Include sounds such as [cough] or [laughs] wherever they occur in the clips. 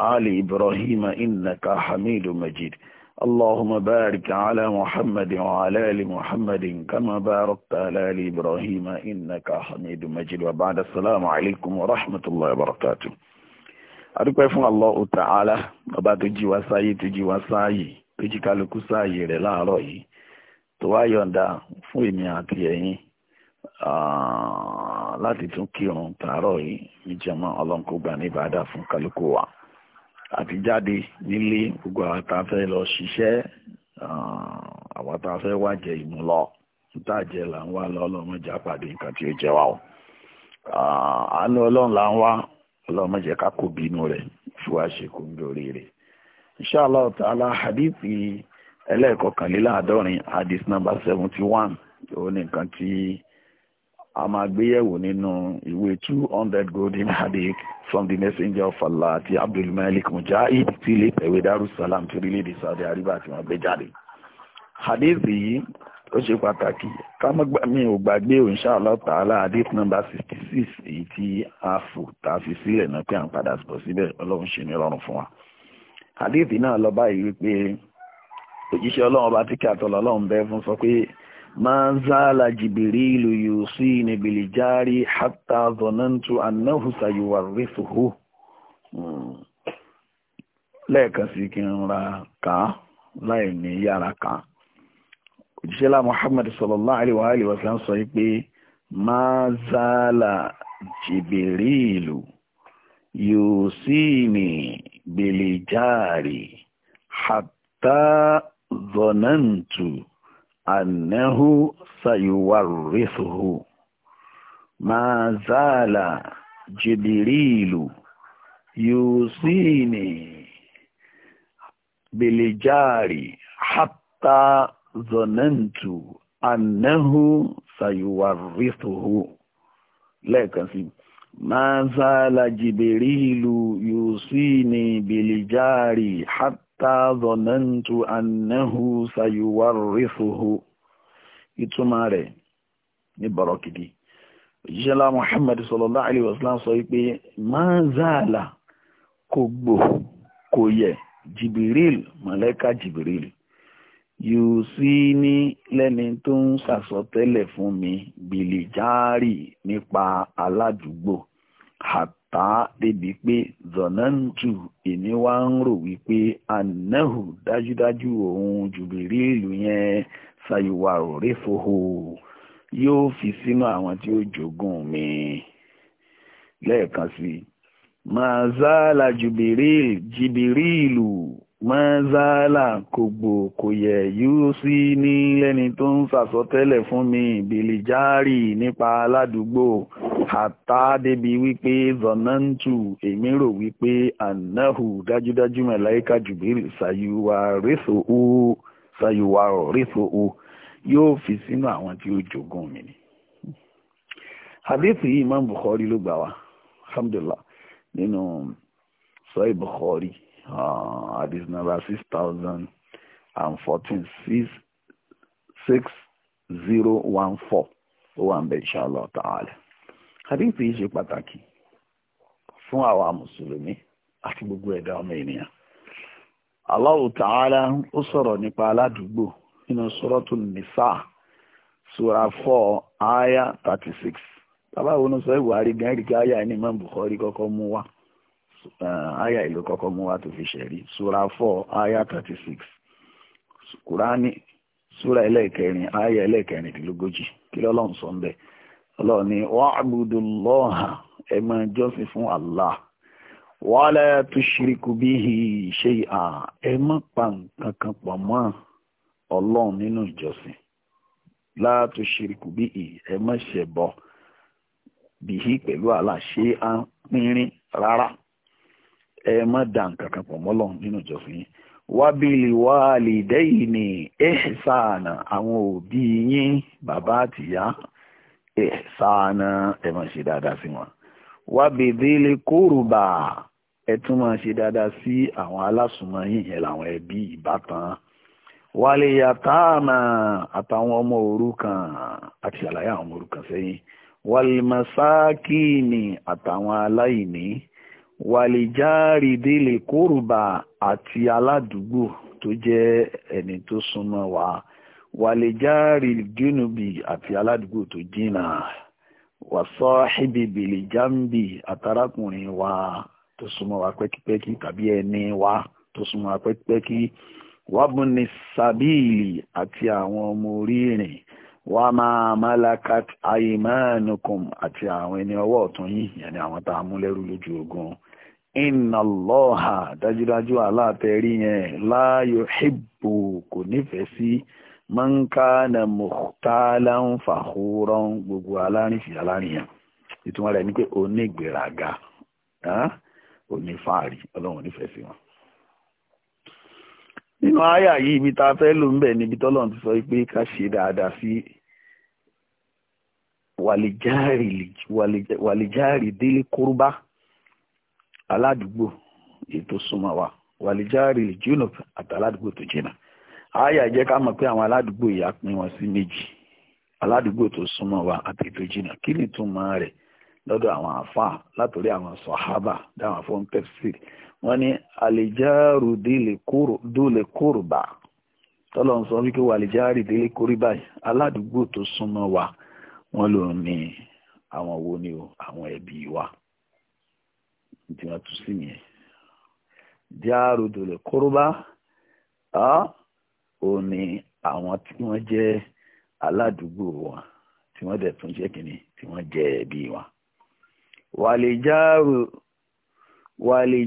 آل إبراهيم إنك حميد مجيد اللهم بارك على محمد وعلى آل محمد كما باركت على آل إبراهيم إنك حميد مجيد وبعد السلام عليكم ورحمة الله وبركاته adúpẹ́ fún Allahu Ta'ala ọba tó jí wa sáyé tó jí wa sáyé tó jí kálukú sáyé rẹ̀ láàárọ̀ yìí tó wá yọ̀ǹda fún èmi àti ẹ̀yin láti tún kírun tààrọ̀ yìí níjàmọ́ ọlọ́nkó gbà ní ìbàdà fún kálukú wa. àti jáde nílé gbogbo àwọn tá a fẹ́ lọ ṣiṣẹ́ àwọn tá a fẹ́ jẹ níta jẹ là ń wá tí ó jẹ o àánú ọlọ́run là ń wá ọlọ́mọdé ká bínú rẹ̀ fún wa ṣe kó ń dorí hadithi hadith number one a máa gbéyẹ̀wò nínú ìwé two hundred golden hadith from the messenger of allah àti abdul malik mujahid tí ilé ìtẹ̀wé darussalam ti orílẹ̀-èdè saudi arabia tí wọ́n gbé jáde hadith yìí ó ṣe pàtàkì kámọ́gbà mi ò gbàgbé inshallah ta'ala hadith number sixty six èyí tí a fò tá a fi sílẹ̀ náà pé à ń padà bọ̀ síbẹ̀ ọlọ́run ṣe ní rọrùn fún wa hadith náà lọ báyìí wípé òjíṣẹ́ ọlọ́run ọba tí kí àtọ̀lọ́ ọlọ́run bẹ́ fún sọ pé ma zala jibirilu yusini bilijari hatta zonantu annahu sayuwarrithuhu hmm. lẹ́ẹ̀kan sí kí n ra ká láì ní yára ká òjíṣẹ́ lá muhammad sallallahu alaihi wa alihi wa sallam sọ pé ma zala jibirilu yusini bilijari hatta zonantu annahu sayuwarrithuhu ma zala jibrilu yusini bilijari hatta zonantu annahu sayuwarrithuhu lẹ́ẹ̀kan sí ma zala jibrilu yusini bilijari hatta hatta zonantu annahu sayuwarrithuhu ìtumọ̀ rẹ̀ ní bọ̀rọ̀kìdì òjíṣẹ́ lá muhammad sallallahu alaihi wasallam sọ wípé máa záàlà kò gbò kò yẹ jìbìrìl mọ̀lẹ́ka jìbìrìl yóò sí ní lẹ́ni tó ń sàsọtẹ́lẹ̀ fún mi bìlìjáàrì nípa aládùúgbò hàtà débi pé zonantu èmi wá ń rò wípé anahu dájúdájú òun jùbìrí ìlú yẹn ṣàyẹ̀wò àròréfòhò yóò fi sínú àwọn tí ó jogún mi lẹ́ẹ̀kan sí i mazala jùbìrí ìlú mọ́zálà kògbò kò yẹ yóò sí ní lẹ́ni tó ń sàsọtẹ́lẹ̀ fún mi bìlìjárì nípa aládùúgbò àtà débi wípé zọ̀nàǹtù èmi rò wípé ànáhù dájúdájú màláíkà jùbírì ṣàyùwà rẹ́sọ̀ọ́ ṣàyùwà rẹ́sọ̀ọ́ yóò fi sínú àwọn tí ó jogún mi ni. hadith yìí imam bukhari ló gbà wá alhamdulillah nínú sọ́ọ̀ bukhari. uh, this number 6014 6014 ó wà ń bẹ inshallah ta'ala hadith yìí ṣe pàtàkì fún àwa mùsùlùmí àti gbogbo ẹ̀dá ọmọ ènìyàn Allah ta'ala ó sọ̀rọ̀ nípa aládùúgbò nínú suratul nisa sura 4 aya 36 tàbáwo ní sọ ìwà àrígán ìrìgá ayà ní Imam Bukhari kọ́kọ́ mú wá Uh, aya ilu kọkọ mú wa fi sura four aya thirty six sura ẹlẹ́ẹ̀kẹrin aya ẹlẹ́ẹ̀kẹrìndínlógójì kí lọ́lọ́run sọ ni wa'budullaha e ma jọ́sìn fún Allah wala tushriku bihi shay'a e ma pa nǹkan kan pọ̀ mọ́ ọlọ́run nínú ìjọsìn la tushriku bihi ma ṣe bọ ala ṣe rara. ẹ má dà nǹkan kan pọ̀ mọ́lọ̀ nínú ìjọsìn yín wábìlì wàlìdẹ́yìnì ẹ̀ẹ́sàánà àwọn òbí yín bàbá àtìyá ẹ̀ẹ́sàánà ẹ máa ṣe dáadáa sí wọn wábìdílé kórùbà ẹ tún máa ṣe dáadáa sí àwọn alásùnmọ́ yín yẹn làwọn ẹbí ìbátan wálé yàtàmà àtàwọn ọmọ òrukàn àti ṣàlàyé àwọn ọmọ òrukàn sẹ́yìn wálé masákìnì àtàwọn aláìní. wàlìjáàrí délé koruba àti aládùúgbò tó jẹ́ ẹni tó súnmọ́ wa wàlìjáàrí júnùbì àti aládùúgbò tó jìnnà wàsọ ìbìbìlì jambi àtàrákùnrin wa tó súnmọ́ wa pẹ́kípẹ́kí tàbí ẹni wa tó wa àti ọmọ wà máa malakat àti àwọn ẹni ọwọ́ ọ̀tún yìí yẹn ni àwọn tá a mú lẹ́rú lójú inna Allaha dájúdájú aláàtẹ̀rí yẹn la yuhibbu kò nífẹ̀ẹ́ sí man kana mukhtalan fakhuran gbogbo alárin fìyà lárin yẹn ìtumọ̀ rẹ̀ ni pé onígbèrágà onífàárí ọlọ́run nífẹ̀ẹ́ sí wọn nínú àyà yìí ibi tá a fẹ́ lò ń bẹ̀ níbi tọ́lọ́run ti sọ pé ká ṣe dáadáa sí wàlìjáàrì délé kúrúbá aládùúgbò èyí tó súnmọ́ wa wàlíjárì junub àti aládùúgbò tó jìnnà àyà jẹ́ ká mọ̀ pé àwọn aládùúgbò yìí á pín wọn sí méjì aládùúgbò tó súnmọ́ wa àti èyí tó jìnnà kí ni ìtumọ̀ rẹ̀ lọ́dọ̀ àwọn àfáà látòrí àwọn sọ̀hábà dáhùn fún tafsir wọ́n ní àlìjáàrù dúlé kórùbà tọ́lọ̀ ń sọ wípé wàlìjáàrì délé kórìbà aládùúgbò tó súnmọ́ wa wọ́n lò ní àwọn wo ni o àwọn ẹbí wa tí wọ́n tún sí yẹn jáàrú dòlè kóróbá ó ní àwọn tí wọ́n jẹ́ aládùúgbò wọn tí wọ́n dẹ̀ tún jẹ́ kínní tí wọ́n jẹ́ ẹbí wọn. wàlè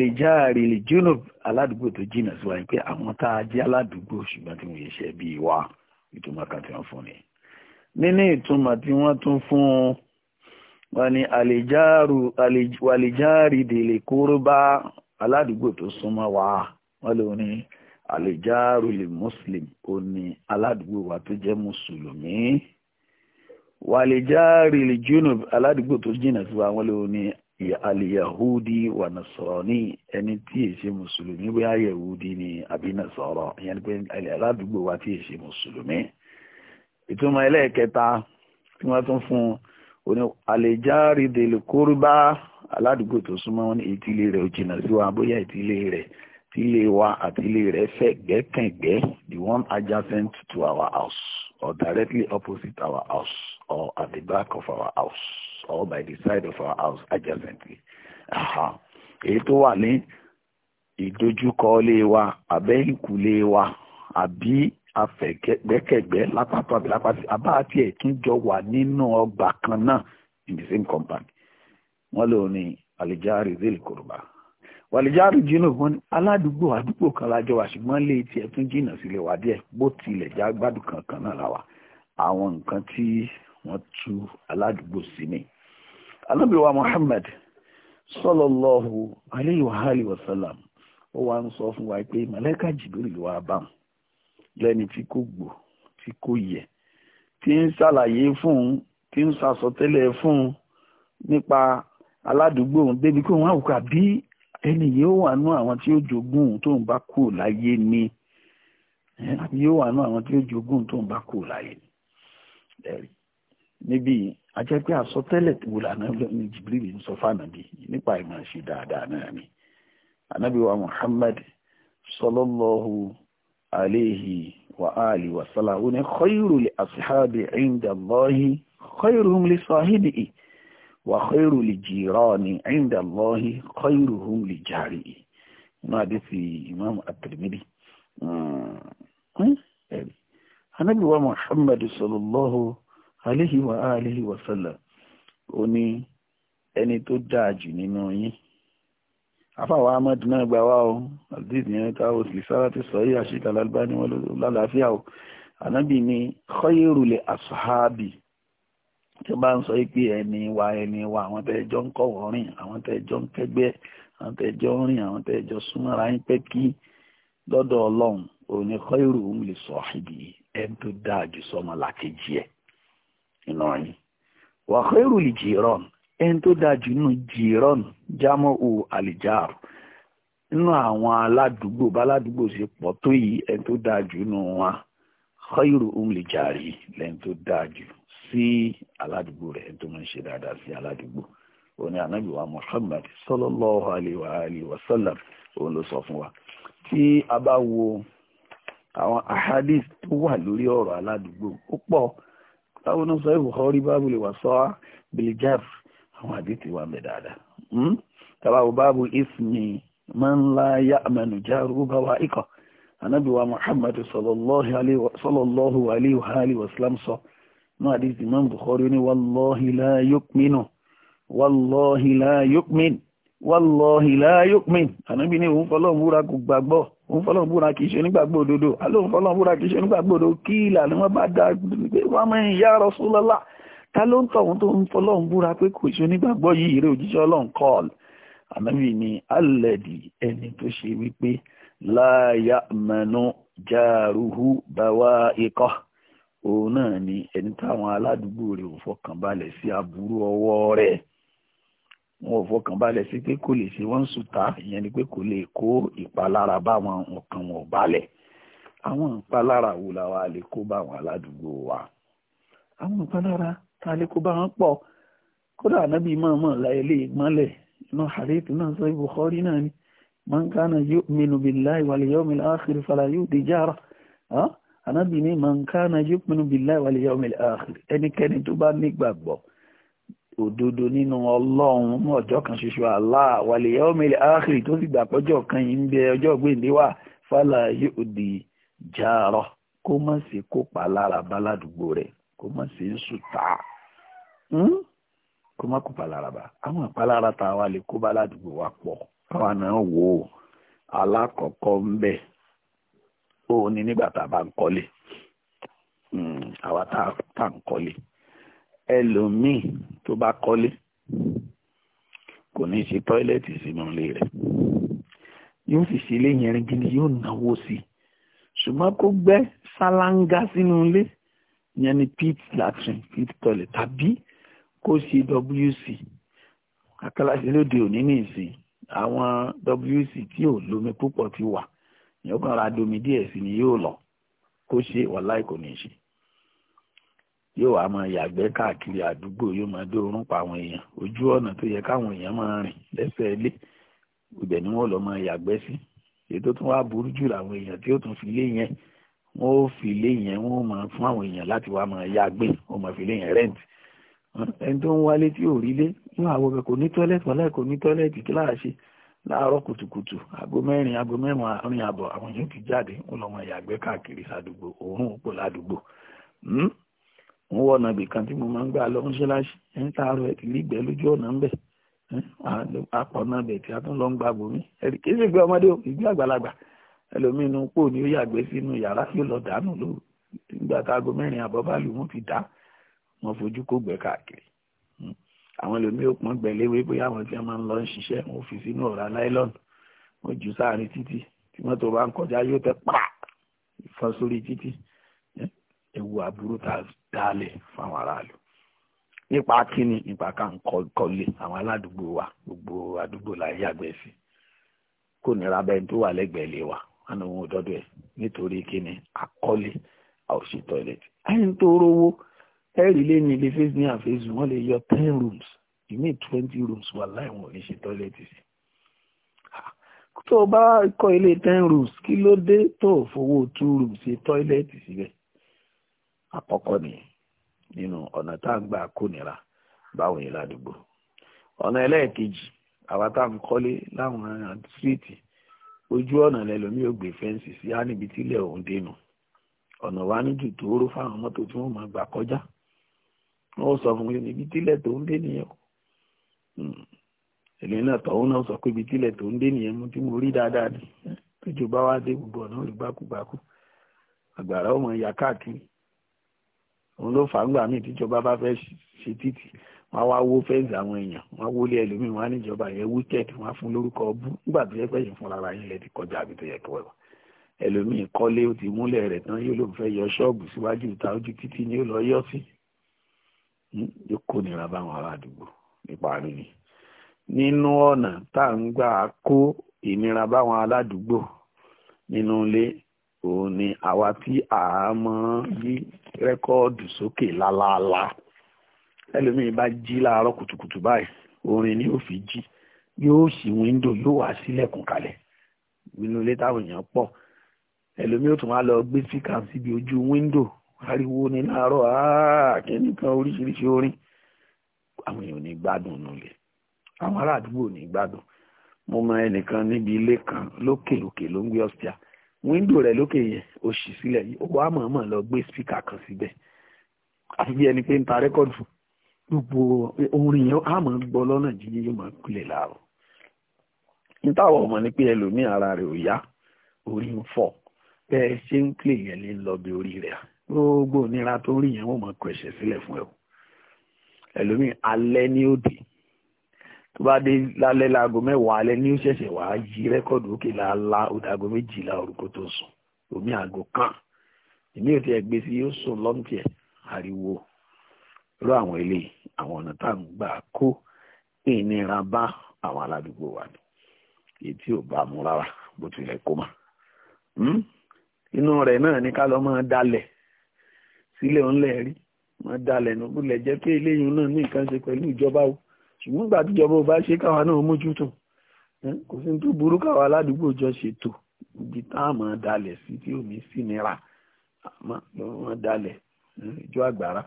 lè jùnú aládùúgbò tó jìnnà sí wa yìí pé àwọn tá a jẹ́ aládùúgbò ṣùgbọ́n tí wọ́n yẹ ṣe bí wa ìtumọ̀ kan tí wọ́n fún ni. nínú ìtumọ̀ tí wọ́n tún fún un wọ́n ní àlèjáàrù àlèjáàrì dèlè kóró bá aládùúgbò tó súnmọ́ wa wọ́n lè ní àlèjáàrù lè muslim ó ní aládùúgbò wa tó jẹ́ mùsùlùmí wàlèjáàrì lè junub aládùúgbò tó jìnà sí wa wọ́n lè ní àlèyahudi wà nasrani ẹni tí è ṣe mùsùlùmí bóyá yahudi ni àbí nasara ìyẹn ni pé aládùúgbò wa tí è ṣe mùsùlùmí ìtumọ̀ ẹlẹ́ẹ̀kẹta tí wọ́n tún fún un oní àlèjáàrí dèlè kórúbá aládùúgbò tó súnmọ́ wọn ní ìtílé rẹ̀ ò jìnnà sí wa bóyá ìtílé rẹ̀ ìtílé wa àti ilé rẹ̀ fẹ̀ gbẹ́kàngbẹ́ the one adjacent to our house or directly opposite our house or at the back of our house or by the side of our house adjacently. èyí tó wà ní ìdojúkọ ilé wa àbẹ́yìnkùlé wa àbí afẹ̀gbẹ́kẹ̀gbẹ́ lápapọ̀ àbí lápapọ̀ àbá àti ẹ̀tún jọ wà nínú ọgbà kan náà in the same company wọ́n lò ní alijari zil koroba wọn aládùúgbò àdúgbò kan lájọ wà ṣùgbọ́n lè tiẹ̀ tún jìnnà sílé wa díẹ̀ bó tilẹ̀ já gbádùn kankan náà láwa àwọn nǹkan tí wọ́n tú aládùúgbò sí ni. Muhammad wa wa ó wá ń sọ fún wa lẹ́ni tí kò gbọ́ tí kò yẹ tí ń ṣàlàyé fún un tí ń ṣàsọtẹ́lẹ̀ fún un nípa aládùúgbò òun débi kí òun àwùkà bí ẹni yóò wà nú àwọn tí ó jogún òun tóun bá kú láyé ni àbí yóò wà nú àwọn tí ó jogún tóun bá kú láyé ni ẹ̀rí níbí a jẹ́ pé àsọtẹ́lẹ̀ wò lànà ní Jibril ń sọ fànàbí nípa ìmọ̀ ṣe dáadáa náà ni ànábì wa Muhammad sallallahu alaihi aléhì wà áàlì wà sọ́là ó ní khayru li ashabi inda Allahi khayruhum li sahibihi wà khayru li jirani inda Allahi khayruhum li jarihi inú àdísì imam at-Tirmidhi anábì hm, hm, wa Muhammad sallallahu aléhì wà áàlì wà sọ́là ó ní ẹni tó dáa jù afáwọn ahmed náà gbà wá o aziz yẹn ká o sì sára ti sọ yìí àṣekà lálùbáni wọn lálàáfíà o ànábì ni khayrul ashabi tí wọ́n bá ń sọ pé ẹni wa ẹni wa àwọn tẹ́ ẹjọ́ ń kọ̀wọ́ rìn àwọn tẹ́ ẹjọ́ ń kẹgbẹ́ àwọn tẹ́ ẹjọ́ ń rìn àwọn tẹ́ ẹjọ́ súnmọ́ra yín pẹ́ kí lọ́dọ̀ ọlọ́run òní khayruhum li sahibi ẹni tó dáa jù sọmọ làkejì ẹ̀ iná yín wa khayru li jiran ẹni tó dáa jù nínú jìrọ́nù jámọ́ o àlìjáàrù nínú àwọn aládùúgbò baládùúgbò ṣe pọ̀ tó yìí ẹni tó dáa jù nínú wọn khairu umlijari lẹ́ni tó dáa jù sí aládùúgbò rẹ̀ ẹni tó máa ń ṣe dáadáa sí aládùúgbò òun ni ànábì wa Muhammad sallallahu alayhi wa alayhi wa sallam òun ló sọ fún wa tí a bá wo àwọn ahadith tó wà lórí ọ̀rọ̀ aládùúgbò ó pọ̀ táwọn náà sọ ìwòkọ́ rí bábùlì wà sọ́ọ́ bilijaf àwọn àdìtì wà mẹ́ dáadáa hmm? tabawo báàbù ismi man la ya'manu jaruhu bawa'iqah anabi wa muhammad sallallahu alayhi wa sallam sọ náà àdìtì imam bukhari ní wallahi la yu'minu wallahi la yu'min wallahi la yu'min anabi ní òun fọlọ́n búra kò gbàgbọ́ òun fọlọ́n búra kìí ṣe onígbàgbọ́ òdodo alóhun fọlọ́n búra kìí ṣe onígbàgbọ́ òdodo kí ìlànà wọn bá dá wàá mọ̀ ìyá rasulullah ta ló ń tọ̀hún tó ń fọlọ́run búra pé kò ṣe onígbàgbọ́ yìí ìrẹ́ òjíṣẹ́ ọlọ́run kọ́ọ̀l ànábì ni alẹ́dì ẹni tó ṣe wípé láàyà mẹ́nu járuhu bàwá ikọ́ òun náà ni ẹni táwọn aládùúgbò rẹ̀ ò fọkànbalẹ̀ sí aburú ọwọ́ rẹ̀ wọn ò fọkànbalẹ̀ sí pé kò lè ṣe wọ́n sùtá ìyẹn ni pé kò lè kó ìpalára bá wọn ọkàn wọn balẹ̀ àwọn ìpalára wo la wa lè kó bá wọn aládùúgbò wa àwọn ìpalára ta lè kó bá wọn pọ̀ kódà ànábì mọ̀ọ́mọ̀ láyé lè mọ́lẹ̀ inú àríkì náà sọ Bukhari náà ni man kana yu'minu billahi wal yawmil akhir fala yu'di jara ànábì ni man kana yu'minu billahi wal yawmil akhir ẹnikẹ́ni tó bá nígbàgbọ́ òdodo nínú ọlọ́run mọ́ ọjọ́ kan ṣoṣo Allah wal yawmil akhir tó sì gbàpọ́jọ́ kan yìí ń bẹ ọjọ́ gbèǹdé wà fala yu'di jara kó má sì kópa lára bá ládùúgbò rẹ̀ kó má ṣe é sùtà hmm? kó má kó palára bá àwọn ìpalára tá a wá lè kó bá ládùúgbò wa pọ̀ káwa náà wò ó alákọ̀ọ́kọ́ ń bẹ òun ni nígbà tá a bá ń kọ́lé hmm, àwa tá a ń kọ́lé ẹlòmíì tó bá kọ́lé kò ní ṣe tọ́ílẹ̀tì sínú ilé rẹ̀ yóò sì ṣe ilé yẹn gidi yóò náwó sí i ṣùgbọ́n kó gbẹ́ ṣáláńgá sínú ilé ìyẹn ni pit latrine pit toilet tàbí kó ṣe WC akálàṣe lóde òní ní ìsìn àwọn WC tí ò lómi púpọ̀ ti wà ìyẹn kan ra domi díẹ̀ sí ni yóò lọ kó ṣe wàláì kò ní ṣe yóò wá máa yàgbẹ́ káàkiri àdúgbò yóò máa dóorún pa àwọn èèyàn ojú ọ̀nà tó yẹ káwọn èèyàn máa rìn lẹ́sẹ̀ ilé ibẹ̀ ni wọ́n lọ máa yàgbẹ́ sí èyí tó tún wá burú jù làwọn èèyàn tí ó tún fi lé yẹn wọn ò fi ilé yẹn wọn ò máa fún àwọn èèyàn láti wá máa yá gbé wọn máa fi ilé yẹn rent ẹni tó ń wálé tí ò rí lé yóò àwọn ọbẹ̀ kò ní tọ́lẹ̀tì wọn láì kò ní tọ́lẹ̀tì kí láà ṣe láàárọ̀ kùtùkùtù aago mẹ́rin aago mẹ́wàá àárín àbọ̀ àwọn yóò ti jáde wọn lọ wọn yàgbẹ́ káàkiri sàdúgbò òórùn òpó ládùúgbò wọn hmm? wọ ọ̀nà ibìkan tí mo máa ń gbà lọ mọ́ṣáláṣí ẹni táàrọ̀ ẹ̀ ti lígbẹ́ lójú ọ̀nà ńbẹ̀ apọ̀ náà bẹ̀ hmm? tí a tún lọ ń gbàgbọ́ mi ẹ̀rí kí sì gbé ọmọdé ìgbé àgbàlagbà ẹlòmínú pò ní ó yàgbé sínú yàrá yóò lọ dànù ló nígbà táago mẹ́rin àbọ̀ bá lù wọ́n fi dá wọn fojú kó gbẹ káàkiri hmm. àwọn ẹlòmíín ó pọn gbẹléwé bóyá àwọn tí wọn máa ń lọ ń ṣiṣẹ́ wọn fi sínú ọ̀rá láìlọ́nù wọn jù sáàrin títì tí mọ́tò bá ń kọjá yóò tẹ pa ìfọn sórí títì hmm. ewu aburú tá a dálẹ̀ fáwọn aráàlú nípa kíni nípa ká ń kọ́lé àwọn aládùúgbò wa gbogbo àdúgbò la yàgbẹ́ sí kò nira bẹ́ẹ̀ tó wà lẹ́gbẹ̀ẹ́ lé wa wọn ni òun ò dọ́dọ̀ ẹ̀ nítorí kíni àkọ́lé àwòṣe toilet ẹ̀yìn tó rówó ẹ̀rí lé ní ilé face ní àfẹ́sù wọ́n lè yọ ten rooms ìmí twenty rooms wà láì wọn ò ní ṣe tó o bá kọ́ ilé ten rooms kí ló dé tó o fowó two rooms ṣe toilet síbẹ̀ àkọ́kọ́ ni nínú ọ̀nà tá à ń gbà kónira báwọn yìí ládùúgbò ọ̀nà ẹlẹ́ẹ̀kejì àwa tá à ń kọ́lé láwọn àdúgbò ojú ọ̀nà lẹ́lòmí ò gbé fẹ́ǹsì sí á níbi tílẹ̀ òun dènà ọ̀nà wa ní jù tóóró fáwọn mọ́tò tí wọ́n máa gbà kọjá wọ́n sọ fún mi níbi tílẹ̀ tó ń dé nìyẹn o hmm. èmi náà tọ̀hún náà sọ pé ibi tílẹ̀ tó ń dé nìyẹn mú tí mo rí dáadáa ni tójú bá wá dé gbogbo ọ̀nà rí gbákùgbákù àgbàrá ọmọ ìyá káàkiri òun ló fà ń gbà míì tíjọba bá fẹ́ ṣe títì wọ́n wá wó fẹ́ǹsì àwọn èèyàn wọ́n wólé ẹlòmíì wọ́n á níjọba yẹn wíkẹ́ẹ̀tì wọ́n á fún lórúkọ ọbú nígbà tó yẹ pé ẹ̀yìn fúnra ara yín lẹ ti kọjá àbí tó yẹ kí wọ́n wà kọ́lé ó ti múlẹ̀ rẹ̀ tán yóò ló fẹ́ yọ ṣọ́ọ̀bù síwájú ìta ojú títí ni ó lọ yọ sí yóò kó nira báwọn ará àdúgbò ìparí ni nínú ọ̀nà tá à ń gbà kó ìnira báwọn aládùúgbò nínú ilé òun ni àwa tí àá mọ́ yí rẹ́kọ́ọ̀dù sókè lálálá. La, la, la ẹlòmíì bá jí láàárọ̀ kùtùkùtù báyìí orin ni yóò fi jí yóò ṣí wíńdò yóò wá sílẹ̀kùn kalẹ̀ nínú ilé táwọn èèyàn pọ̀ ẹlòmíì ó tún wá lọ gbé síkà síbi ojú wíńdò ariwo ni láàárọ̀ kíní kan oríṣiríṣi orin àwọn èèyàn ò ní gbádùn nulẹ̀ àwọn ará àdúgbò ò ní gbádùn mo mọ ẹnìkan níbi ilé kan lókè òkè ló ń gbé ọ̀sìà wíńdò rẹ̀ lókè yẹn ó ṣì sílẹ̀ ó wá mọ̀ọ́mọ̀ lọ gbé síkà kan síbẹ̀ àfi bí ẹni pé ń ta rẹ́kọ̀dù gbogbo orin yẹn a máa gbọ́ lọ́nà jíjí yóò máa kulẹ̀ láàrọ̀ nítawọ̀ ọmọ ni pé ẹlòmíì ara rẹ̀ ò yá orí ń fọ́ bẹ́ẹ̀ ṣe ń pè yẹn lé lọ bí orí rẹ̀ gbogbo ìnira tó ń rí yẹn wọ́n máa kọ ẹ̀ṣẹ̀ sílẹ̀ fún ẹ o ẹlòmíì alẹ́ ní òde tó bá dé lálẹ́ láago mẹ́wàá alẹ́ ní ó ṣẹ̀ṣẹ̀ wàá yí rẹ́kọ̀dù òkè láàlá òdàgó méjìlá orúkọ tó sùn omi àgọ́ kan èmi ò tiẹ̀ gbé sí yóò sùn lọ́ntì ariwo rọ àwọn eléyìí àwọn ọ̀nà tá à ń gbà kó ìnira bá àwọn aládùúgbò wa ni èyí tí ò bá mu rárá bó tilẹ̀ kó mà hmm? inú rẹ̀ náà ní ká lọ máa dalẹ̀ sílẹ̀ ńlẹ̀ rí máa dalẹ̀ nùbúlẹ̀ jẹ́ pé eléyìí náà ní nǹkan ṣe pẹ̀lú ìjọba o ṣùgbọ́n ìgbà tíjọba ò bá ṣe káwa náà mójútó hmm? kò sí tó burú káwa aládùúgbò jọ ṣètò ibi tá a máa dalẹ̀ sí tí ò sí nira máa dalẹ̀ hmm, ìjọ àgbàrá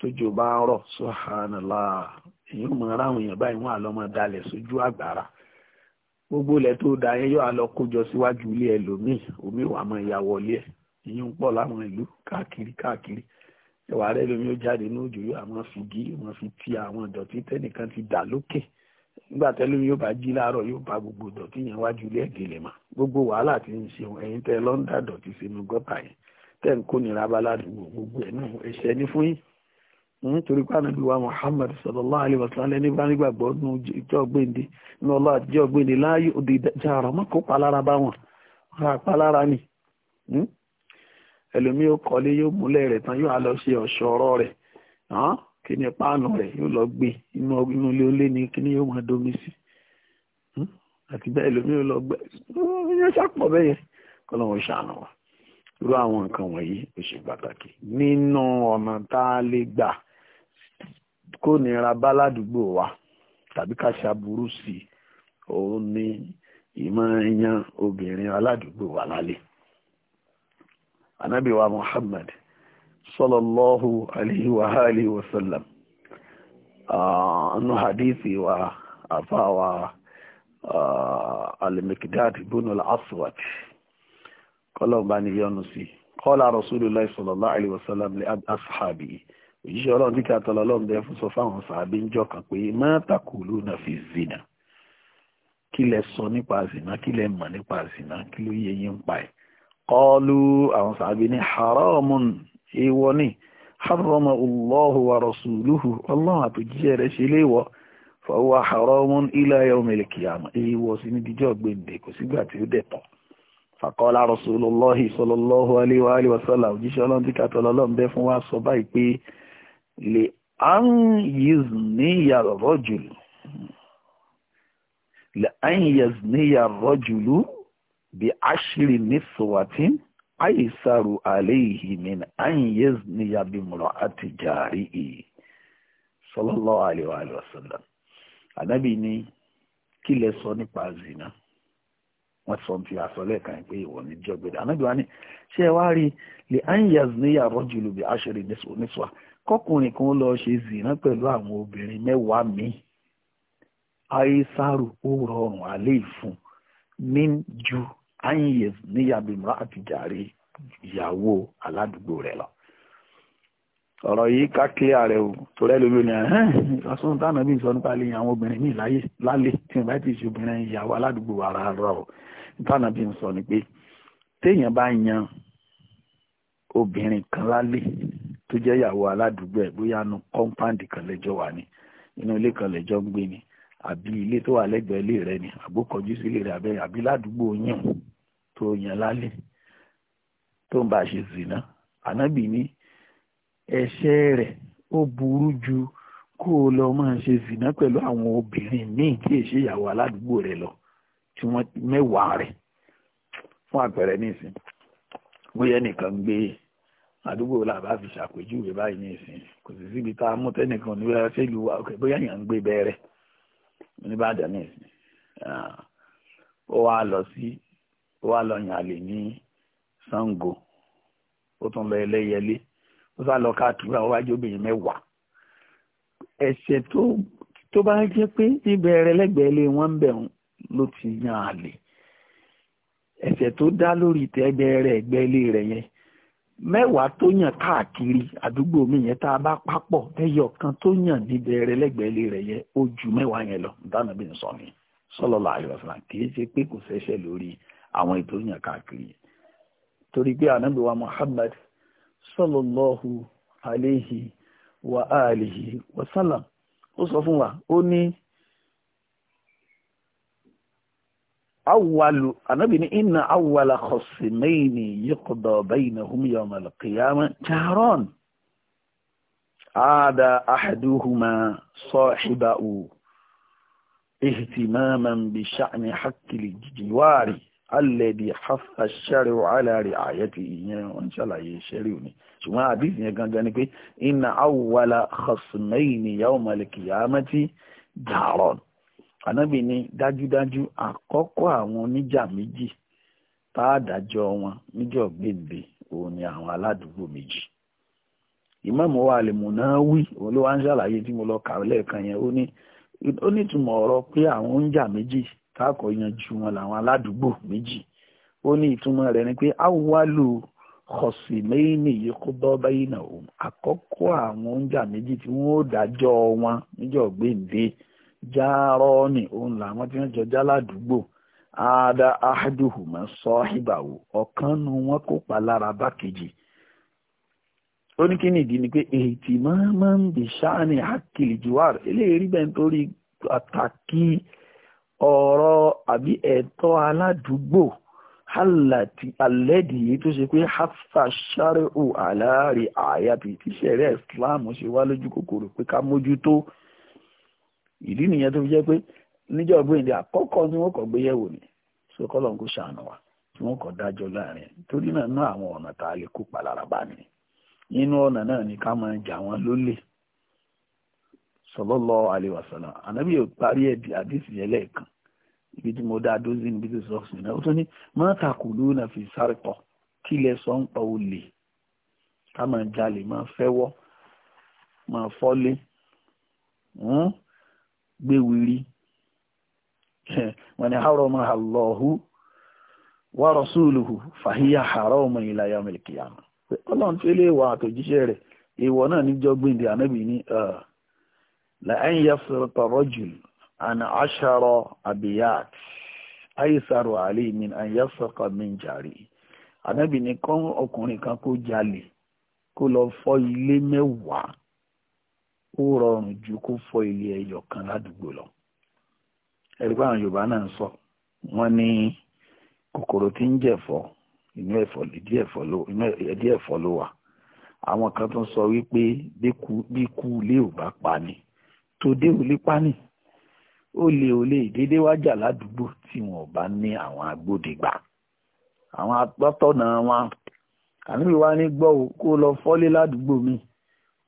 tójú bá ń rọ̀ sọ́hánàlá èyí mọ̀ ara àwọn èèyàn báyìí wọ́n àlọ́ máa dalẹ̀ sójú àgbàrá gbogbo ilẹ̀ tó da yẹn yóò lọ kójọ síwájú ilé ẹlòmíì omi wà mọ ìyá wọlé ẹ̀ èyí ń pọ̀ láwọn ìlú káàkiri káàkiri ẹwà rẹ lómi ó jáde ní òjò yóò àwọn fìgí wọn fi ti àwọn ìdọ̀tí tẹ́nìkan ti dà lókè nígbà tẹ́lómi yóò bá jí láàárọ̀ yóò bá gbogbo ìdọ̀tí yẹn wájú ilé ẹ̀gẹ̀lẹ̀ mà gbogbo wàhálà ti ń ṣe ẹ̀yin tẹ́ lọ́ńdà dọ̀tí sínú gọ́tà yẹn tẹ́ ń kó nira bá ládùúgbò gbogbo ẹ̀ náà ẹ̀ṣẹ̀ ní fún yín nítorí pé ànábì wa muhammad sallallahu alayhi wa sallam ẹni bá nígbàgbọ́ nínú ìjọ gbèǹde nínú ọlọ́ àtijọ́ gbèǹde láàyè òde ara ni hmm? ẹlòmíì ó kọ́lé yóò múlẹ̀ rẹ̀ tán yóò lọ ṣe ọ̀ṣọ́ ọ̀rọ̀ rẹ̀ kí ni lọ gbé inú kí ni yóò máa domi sí hmm? àti bẹ́ẹ̀ lọ irú àwọn nǹkan kó nira bá ládùúgbò wa tàbí ká ṣàbùrú sí i òun ni ìmọ̀ yan obìnrin aládùúgbò wa lálẹ́ anabiwa muhammad sallallahu alaihi wa alihi wa sallam ah, anu hadithi wa afawa ah, al-mikdad ibn al-aswad kọlọ̀ bá ní yọnu sí kọ́lá rasulullah sallallahu alaihi wa sallam li ashabi òjíṣẹ́ ọlọ́run bí kàtọ́ lọ́lọ́run bẹ́ẹ̀ fún sọ fáwọn sàábí ń jọ kan pé má tàkùlù náà fi zina kí lẹ sọ nípa zina kí lẹ mọ̀ nípa zina kí ló yẹ yín pa ẹ̀ kọ́ọ́lù àwọn sàábí ní haramun èèwọ̀ ni harama Allahu wa rasuluhu ọlọ́run àtòjíṣẹ́ rẹ̀ ṣe léèwọ̀ fọwọ́ haramun ila yawmil qiyamah èèwọ̀ sí ní díjọ́ gbèǹde kò sígbà tí ó dẹ̀ tọ̀ fàkọ́lá rasulullahi sallallahu alaihi wa sallam òjíṣẹ́ ọlọ́run bí kàtọ́ lè án yìí ní yàrá rọ́jùlù lè án yìí ní yàrá rọ́jùlù bí aṣírí ní sọ̀wàtí àìsàrò àléhìí mi ní án yìí ní yàbí mọ̀rọ̀ àti jàrí yìí sallallahu alaihi wa sallam ànábì ní kí lẹ sọ nípa zina wọ́n sọ ti àsọlẹ̀ kan pé ìwọ ní jọ́gbẹ̀dẹ̀ ànábì wa ní ṣé ẹ wá rí lè án yìí ní yàrá rọ́jùlù bí aṣírí ní sọ̀wàtí kọkùnrin kan lọ ṣe zìnà pẹ̀lú àwọn obìnrin mẹ́wàá míì àìsàrù ó rọrùn àlẹ́ ìfún ní ju ayẹyẹ níyàbìmọ́ àtijàre ìyàwó aládùúgbò rẹ̀ lọ ọ̀rọ̀ yìí ká kílẹ̀ rẹ̀ o torẹ́ lórí ni ọ̀sán táwọn bí n sọ nípa ilé àwọn obìnrin míì láyé lálẹ́ tí wọ́n bá ti ṣe obìnrin ìyàwó aládùúgbò ara rọ̀ táwọn bí n sọ ni pé téèyàn bá yan obìnrin kan lálẹ́ tó jẹ́ ìyàwó aládùúgbò ẹ̀ bóyá nu kọ́ńpáǹdì kan lẹ́jọ́ wà ní inú ilé kan lẹ́jọ́ ń gbé ni àbí ilé tó wà lẹ́gbẹ̀ẹ́ ilé rẹ ni àbó kọjú sí ilé rẹ abẹ́rẹ́ àbí ládùúgbò yàn tó yàn lálẹ́ tó ń bá a ṣe zìnà ànábì ní ẹ̀ṣẹ̀ rẹ̀ ó burú ju kó o lọ máa ṣe zìnà pẹ̀lú àwọn obìnrin míì kí èṣe ìyàwó aládùúgbò rẹ lọ tí wọ́n mẹ́wàá rẹ̀ fún àpẹẹrẹ nísìn bóyá nìkan gbé e àdúgbò làbá fi ṣàpèjúwe báyìí ní ìsìn kò sì síbi tá a mú tẹ́nìkan ní wẹ́rẹ́ fẹ́ lu ọkẹ́ bóyá èèyàn ń gbé bẹ́ẹ̀rẹ́ nìbàdàn ní ìsìn ó wá lọ sí ó wá lọ yàn àlè ní Ṣàngó ó tún lọ Ẹlẹ́yẹlé ó sá lọ káàkiri wájú obìnrin mẹ́wàá ẹ̀ṣẹ̀ tó tó bá jẹ́ pé níbẹ̀rẹ̀ lẹ́gbẹ̀ẹ́ lé wọ́n ń bẹ̀ ló ti yàn àlè ẹ̀ṣẹ̀ tó dá lórí tẹ́gbẹ́ rẹ̀ ẹgbẹ́ ilé rẹ̀ yẹn mẹ́wàá tó yàn káàkiri àdúgbò mi yẹn tá a bá papọ̀ ẹyọ kan tó yàn níbi ẹrẹ lẹ́gbẹ̀ẹ́lẹ́ rẹ̀ yẹ ó ju mẹ́wàá yẹn lọ dáná bí n sọ ni sallallahu alaihi wasallam kì í ṣe pé kò ṣẹ̀ṣẹ̀ lórí àwọn ètò yàn káàkiri torí pé ànábì wa Muhammad sallallahu alaihi wa alihi wa sallam ó sọ fún wa ó ní أول أنا بني إن أول خصمين يقضى بينهم يوم القيامة شهران عاد أحدهما صاحب اهتماما بشأن حق الجوار الذي حف الشرع على رعايته إيه، ان شاء الله يشريوني شما عديثني كان إن أول خصمين يوم القيامة شهران ànábì ni dájúdájú àkọ́kọ́ àwọn oníjà méjì tá a dájọ́ wọn níjọ́ gbèǹde òun ni àwọn aládùúgbò méjì ìmáàmù wa Al-Munawi òun ló wá ń ṣàlàyé tí mo lọ kà lẹ́ẹ̀kan yẹn ó nítumọ̀ ọ̀rọ̀ pé àwọn oníjà méjì táàkọ̀ yanjú wọn làwọn aládùúgbò méjì ó ní ìtumọ̀ rẹ̀ ni pé awwalu khasimaini yuqda bainahum àkọ́kọ́ àwọn oníjà méjì tí wọ́n ó dájọ́ wọn níjọ́ gbèǹde járọ́ ni òun làwọn tí wọ́n jọ já ládùúgbò ada ahaduhuma sọ́hìbàwò ọ̀kan nu wọn kó palára bá kejì ó ní kí ni ìdí ni pé èyí máa máa ń bì ṣáà ní àkìlì juwar eléyìí rí bẹ́ẹ̀ nítorí pàtàkì ọ̀rọ̀ àbí ẹ̀tọ́ aládùúgbò halati alẹ́dì yìí tó ṣe pé hafa ṣáré aláàrí àyàtì tíṣẹ̀rẹ́ islam ṣe wá lójú kòkòrò pé ká mójútó ìdí nìyẹn tó fi jẹ́ pé níjọ́ gbẹ̀ǹde àkọ́kọ́ tí wọ́n kọ̀ gbéyẹ̀wò ni so kọ́lọ̀ ń kó ṣàánú wa tí wọ́n kọ̀ dájọ́ láàrin torí náà ná àwọn ọ̀nà tá a lè kópa lára bá ni nínú ọ̀nà náà ni ká máa jà wọ́n lólè sallallahu alaihi wasallam ànábì yóò parí ẹ̀dì àdìsí yẹn lẹ́ẹ̀kan ibi tí mo dá dózì níbi tí sọ sí náà ó tún ní máa takùlù náà fi sáré pọ̀ kí ilẹ̀ sọ ń pa olè ká máa jalè máa fẹ́wọ́ máa fọ́lé hmm? gbewiri wani ni haroma allahu wa rasuluhu fahiya haroma ila yawmil qiyamah ọlọ́run tí ó lè wà àtòjíṣẹ́ rẹ̀ ìwọ náà níjọ́ gbìndì ànábì ní ah, la'an yafirta rajul an ashara abiyat ayisaro ali min an yasaka min jari ànábì ní kọ́ ọkùnrin kan kó jalè kó lọ fọ́ ilé mẹ́wàá ó rọrùn ju kó fọ ilé ẹyọ kan ládùúgbò lọ ẹ̀rí àwọn yorùbá náà ń sọ wọ́n ní kòkòrò tí ń jẹ̀fọ́ inú ẹ̀fọ́ ìdí wà àwọn kan tó ń sọ wípé bí kú ilé ò bá pa ni tó dé ò pa ni ó ò ládùúgbò tí wọn ò bá lọ fọ́lé ládùúgbò mi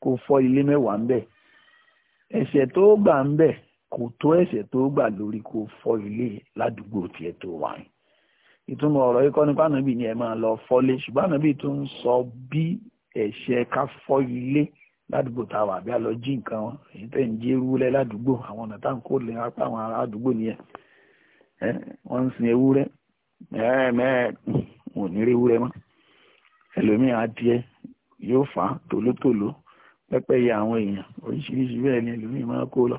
kó fọ́ ilé mẹ́wàá ń ẹ̀ṣẹ̀ tó gbà ń bẹ̀ kò tó ẹ̀ṣẹ̀ tó gbà lórí kó fọ́ ilé ládùúgbò tiẹ̀ tó wà ní ìtumọ̀ ọ̀rọ̀ ikọ́ nípa ànábì ni ẹ máa lọ fọ́lé ṣùgbọ́n ànábì tó ń sọ bí ẹ̀ṣẹ̀ ká fọ́ ilé ládùúgbò tá a wà bí a lọ jí nǹkan wọn èyí tẹ̀ ń jí ewúrẹ́ ládùúgbò àwọn ọ̀nà táwọn kò lè apá àwọn ará nìyẹn wọ́n ń sin ewúrẹ́ mẹ́ẹ̀mẹ́ẹ̀ wọn ò ní rí ewúrẹ́ mọ́ ẹlòmíràn adìẹ yóò fà tòlótòló pẹ́pẹ́yẹ àwọn èèyàn oríṣiríṣi bẹ́ẹ̀ ni ẹlòmíì máa kó lọ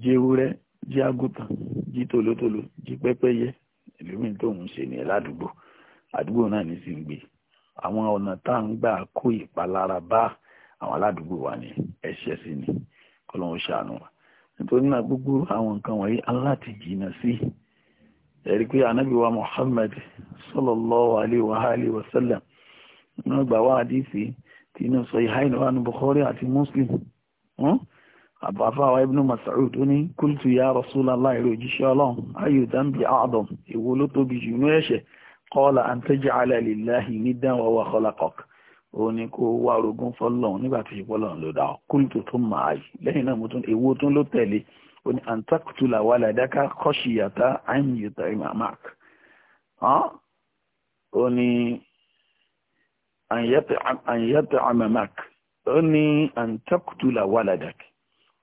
jí ewúrẹ́ jí àgùntàn jí tòlótòló jí pẹ́pẹ́yẹ ẹlòmíì tó ń ṣe ní ládùúgbò àdúgbò náà ní sí ń gbé àwọn ọ̀nà tá à ń gbà kó ìpalára bá àwọn aládùúgbò wa ní ẹ̀ṣẹ̀ sí ni kọ́lọ́hún ṣàánú wa nítorí náà gbogbo àwọn nǹkan wọ̀nyí aláti jìnnà sí ẹ̀rí pé anábìwa wa tí inú sahihain wà ní bukhari àti muslim hm? àbáfáwa ibn mas'ud ó ní kúlùtù ya rasulallah èrò òjíṣẹ́ ọlọ́run ayò dáńbì àádọ́m èwo ló tóbi jù inú ẹ̀ṣẹ̀ qala an taj'ala lillahi niddan wa huwa khalaqak ó ní kó wá orogún fọlọ́run nígbà tó ṣe fọlọ́run ló dá ọ kúlùtù tó máa yìí lẹ́yìn náà mo tún èwo tún ló tẹ̀lé ó ní an taqtula waladaka khashiyata an yut'imak hm? ó ní àyẹ̀tẹ̀ amamak ó ní àǹtakùtùlà wàládàk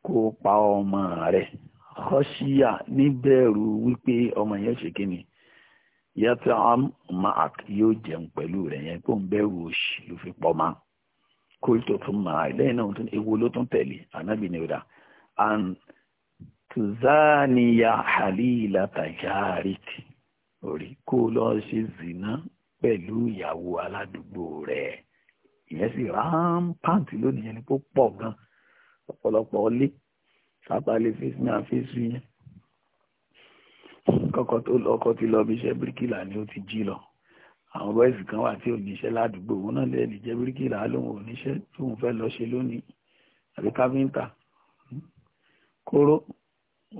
kó pa ọmọ rẹ̀ kọ́ṣíyà níbẹ̀rù wípé ọmọ yẹn ṣe kí ni yẹtẹ̀ amamak yóò jẹun pẹ̀lú rẹ̀ yẹn kó ń bẹ̀rù òṣì ló fi pọ̀ ma kó tó tún mọ̀ lẹ́yìn náà ewu ló tún tẹ̀lé anábì ní ìdá àǹtùzáníyà halílà tàjáàrìtì orí kó lọ́ọ́ ṣe zìnnà pẹ̀lú ìyàwó aládùúgbò rẹ̀ ìyẹn sì rámpáǹtì lónìí yẹn ni kó pọ̀ gan ọ̀pọ̀lọpọ̀ ọlé sábàlẹ̀ fèsì náà fèsì yẹn kọ́kọ́ tó lọ ọkọ ti lọ bí iṣẹ́ bíríkìlà ni ó ti jí lọ àwọn bọ́ìsì kan wà tí ò níṣẹ́ ládùúgbò òun náà lẹ́ẹ̀lì jẹ́ bíríkìlà lóun ò níṣẹ́ tóun fẹ́ lọ ṣe lónìí àbí káfíńtà kóró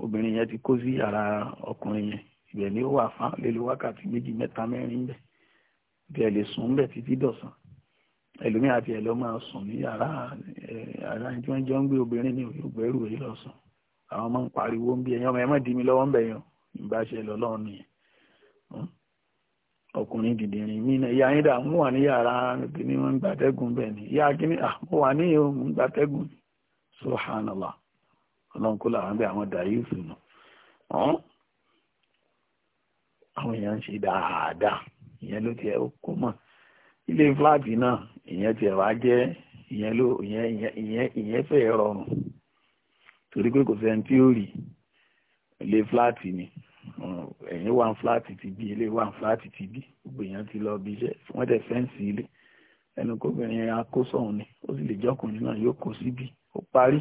obìnrin yẹn ti kó sí yàrá ọkùnrin yẹn ibẹ̀ ni ó wà fáwọn lélẹ̀ wákàtí méjì mẹ́ta mẹ́rin bẹ́ẹ̀ bí ẹ lè sùn bẹ̀ títí dọ̀sán ẹlòmíì àti ẹ̀ lọ máa sùn ní yàrá yàrá tí wọ́n jọ ń gbé obìnrin ní ògbẹ́rù yìí lọ sùn àwọn ọmọ ń pariwo ń bí ẹ̀yàn ọmọ ẹ̀ má dì mí lọ́wọ́ ń bẹ̀ yàn ìbáṣe lọ́lọ́run nìyẹn hmm. ọkùnrin dìdìrín mí náà ìyá yín dà mú wà ní yàrá kìíní wọn ń gbàtẹ́gùn bẹ́ẹ̀ ni ìyá kìíní àmọ́ ah, wà ní ìhòòhùn ń gbàtẹ́gùn subhanallah ọlọ́run kó làwọn bẹ àwọn dàí ìfìnà hmm. àwọn èèyàn ń ṣe dáadáa ìyẹn ló tiẹ̀ kó mọ̀ ilé fúláàtì náà ìyẹn tiẹ̀ wá jẹ́ ìyẹn ló ìyẹn ìyẹn ìyẹn fẹ́ rọrùn torí pé kò sẹ́ni tí ó rí ilé fúláàtì ni ẹ̀yìn wà ń fúláàtì ti bí ilé wà ń fúláàtì ti bí gbogbo èèyàn ti lọ bí iṣẹ́ wọ́n tẹ̀ fẹ́ǹsì ilé ẹnu kóbìnrin akósọ̀hún ni ó sì lè jọkùnrin náà yóò kó síbi ó parí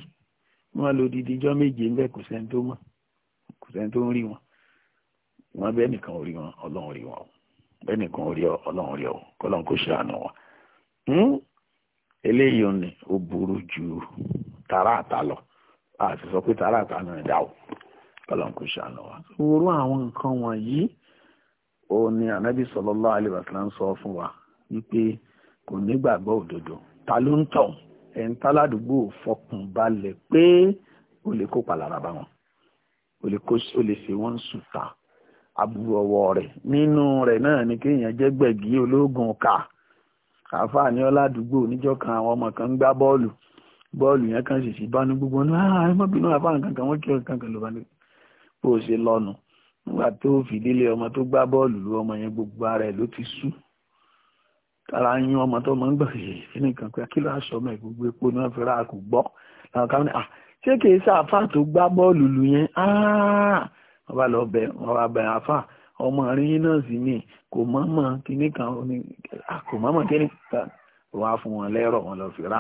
wọ́n lo didi ijọ́ méje ń bẹ kò sẹ́ni tó mọ̀ kò sẹ́ni tó ń rí wọn wọ́n bẹ́ẹ̀ nìkan ò rí wọn ọlọ́run rí wọn o bẹ́nìkan rí ọ ọlọ́run rí ọ kọ́lọ́n kò ṣàánú wọn. Hmm? eléyìí ni ó burú ju tààràtà lọ àti sọ pé tààràtà náà dá o kọ́lọ́n kò ṣàánú wọn. orú àwọn nǹkan wọ̀nyí ó ní ànábì sallallahu alaihi wasallam ń sọ fún wa wípé kò nígbàgbọ́ òdodo ta ló ń tọ̀ ẹ̀ ń táládùúgbò fọkàn balẹ̀ pé ó lè kópa lára bá wọn ó lè ṣe wọ́n sùn ta aburú ọwọ́ rẹ̀ nínú rẹ̀ náà ni kéèyàn jẹ́ gbẹ̀gí ológun ká àáfàá ní ọ̀làdúgbò níjọ́ kan àwọn ọmọ kan ń gbá bọ́ọ̀lù bọ́ọ̀lù yẹn kan sì sí bánú gbogbo ní ah, ẹ má bínú àáfàá nǹkan kan wọ́n kí ọ̀kan kan ló bá ní bó o ṣe lọ́nu nígbà tó fìdílé ọmọ tó gbá bọ́ọ̀lù lu ọmọ yẹn gbogbo ara ẹ̀ ló ti sú tara yín ọmọ tó máa ń gbà yìí nìkan pé kí ló aṣọ ọmọ ẹ̀ gbogbo epo ni wọ́n fi ra kò gbọ́ làwọn kan ní à ah, ṣé kìí ṣe àáfàá tó gbá bọ́ọ̀lù lu yẹn áá ah, wọ́n bá lọ bẹ wọ́n bá bẹ àáfà ọmọ rí náà sì ni kò mọ̀ọ́mọ̀ kíní kan ní kò mọ̀ọ́mọ̀ kíní kan wọ́n á fún wọn lẹ́rọ̀ wọn lọ fi rà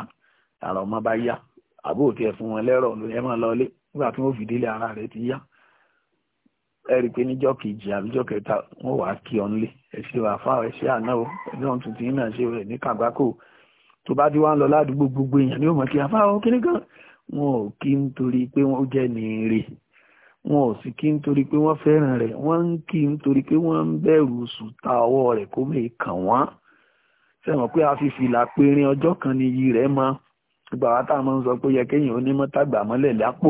àrà ọmọ bá yá àbó tiẹ̀ fún wọn lẹ́rọ̀ ló yẹ máa lọlé nígbà tí wọ́n fìdílé ara rẹ̀ ti yá ẹ rí i pé níjọ́ kejì àbíjọ́ kẹta wọ́n wàá kí ọ nílé ẹ ṣe àáfà ẹ ṣe àná o ẹni ọ̀hún tuntun yìí náà ṣe rẹ̀ ní kàgbákò tó bá ti wá ń lọ ládùúgbò gbogbo èèyàn ni ó mọ̀ kí àáfà ọ kíní kan wọn ò kí nítorí pé wọ́n jẹ́ ní wọn ò sì kí n torí pé wọ́n fẹ́ràn rẹ̀ wọ́n ń kí n torí pé wọ́n ń bẹ̀rù sùtà ọwọ́ rẹ̀ kó mè kàn wọ́n sẹ́wọ̀n pé a fi fìlà perin ọjọ́ kan ni iyì rẹ̀ mọ gbogbo àwa tá a máa ń sọ pé yẹ kéèyàn onímọ̀ tàgbà mọ́lẹ̀ lápò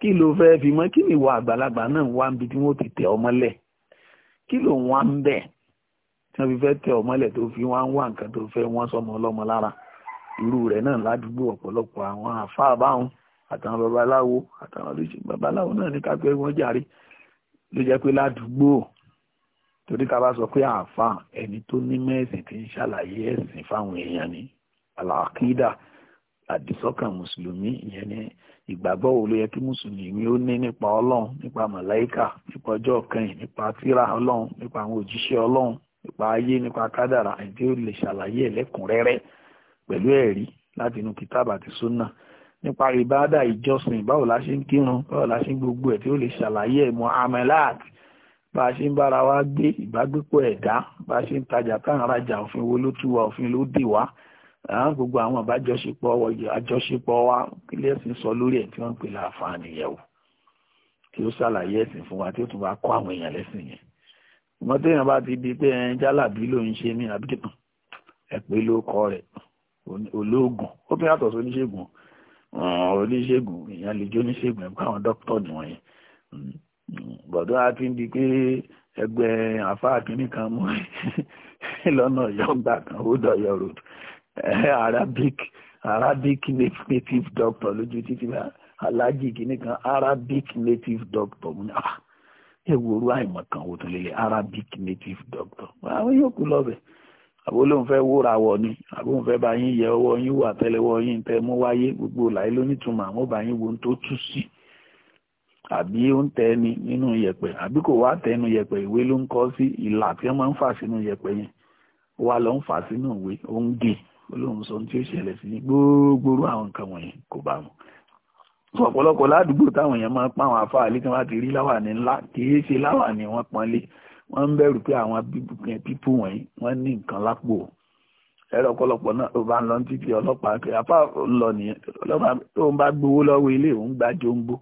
kí ló fẹ́ fi mọ́ kí ni ìwà àgbàlagbà náà wá níbi tí wọ́n ti tẹ̀ ọ mọ́lẹ̀ kí ló wá ń bẹ̀ tí wọ́n fi fẹ́ tẹ̀ ọ mọ́lẹ̀ tó fi wá ń wá nǹkan tó fẹ́ wọ́n sọmọ ọlọ́mọ lára irú rẹ̀ náà ládùúgbò ọ̀pọ̀lọpọ̀ àwọn àfáà báwọn àtàwọn babaláwo àtàwọn olóṣèlú babaláwo náà ní kápẹ́ wọ́n jàre ló jẹ́ pé ládùúgbò torí ká bá sọ pé àáfà ẹni tó ní mẹ́sìn tí ń ṣàlàyé ẹ̀sìn fáwọn èèyàn ní àlàkídà àdìsọ́kàn mùsùlùmí ìyẹn ní ìgbàgbọ́ wo ló yẹ kí mùsùlùmí ó ní nípa ọlọ́run nípa màláíkà nípa ọjọ́ kẹyìn nípa tírà ọlọ́run nípa àwọn òjíṣẹ́ ọlọ́run nípa ayé nípa kádàrà àti ó lè ṣàlàyé ẹ̀lẹ́kùnrẹ́rẹ́ pẹ̀lú ẹ̀rí láti inú kìtàbà àti súnà nípa ìbáàdà ìjọsìn báwo la ṣe ń kírun báwo la ṣe ń gbogbo ẹ̀ tí ó lè ṣàlàyé ẹ̀ mọ́ amelat bá a ṣe ń bára wa gbé ìbágbépọ̀ ẹ̀dá bá a ṣe ń tajà tá à ń rajà òfin wo ló tú wa òfin ló dè wá àwọn gbogbo àwọn àbájọṣepọ̀ àjọṣepọ̀ wa ilé ẹ̀sìn sọ lórí ẹ̀ tí wọ́n ń pè láǹfààní yẹ̀ wò kí ó ṣàlàyé ẹ̀sìn fún wa tí ó tún bá kọ́ àwọn èèyàn lẹ́sìn yẹn ìmọ̀ téèyàn bá ti di pé ẹ̀yìn jálàbí ló ń ṣe ní àbíkẹ́tàn ẹ̀pẹ́ ló kọ́ rẹ̀ olóògùn ó tún yàtọ̀ sí oníṣègùn èèyàn lè jó oníṣègùn ẹ̀kọ́ àwọn dókítà nìwọ̀nyí bọ̀dọ̀ á ti ń di pé ẹgbẹ́ àfáà kínní kan mú [laughs] lọ́nà yọ̀ǹgbà kan ó dọ̀yọ̀ road eh, arabic arabic native doctor lójú títí bá alájì kínní kan arabic native doctor mú ní à ah, ẹ wo orú àìmọ̀kan wo tún lélẹ̀ arabic native doctor àwọn yòókù lọ́bẹ̀ẹ́ àbólóhùn fẹ́ wúra wọ̀ ni àbólóhùn fẹ́ bá yín yẹ ọwọ́ yín wò àtẹ́lẹwọ́ yín tẹ́ mú wáyé gbogbo làyé lónìtumọ̀ àwọn bá yín wo ń tó tú sí àbí ó ń tẹ ẹni nínú yẹ̀pẹ̀ àbí kò wá tẹ ẹnu yẹ̀pẹ̀ ìwé ló ń kọ sí ìlà tí wọ́n máa ń fà sínú yẹ̀pẹ̀ yẹn wà lọ fà sínú ìwé ó ń gé olóhùn sọ tí ó ṣẹlẹ̀ sí gbogbo àwọn nǹkan wọ̀nyí kò bá wọn ọ̀pọ̀lọpọ̀ ládùúgbò táwọn èèyàn máa pa àwọn afáàlì tí wọ́n ti rí láwàní ńlá kì í ṣe láwàní wọ́n pọ́nlé wọ́n ń bẹ̀rù pé àwọn pípù eh, wọ̀nyí wọ́n ní nǹkan lápò ẹ̀rọ ọ̀pọ̀lọpọ̀ náà ó bá ń lọ títí ọlọ́pàá pé apá lọ nìyẹn ọlọ́pàá tó ń bá gbowó lọ́wọ́ ilé òun gba jombo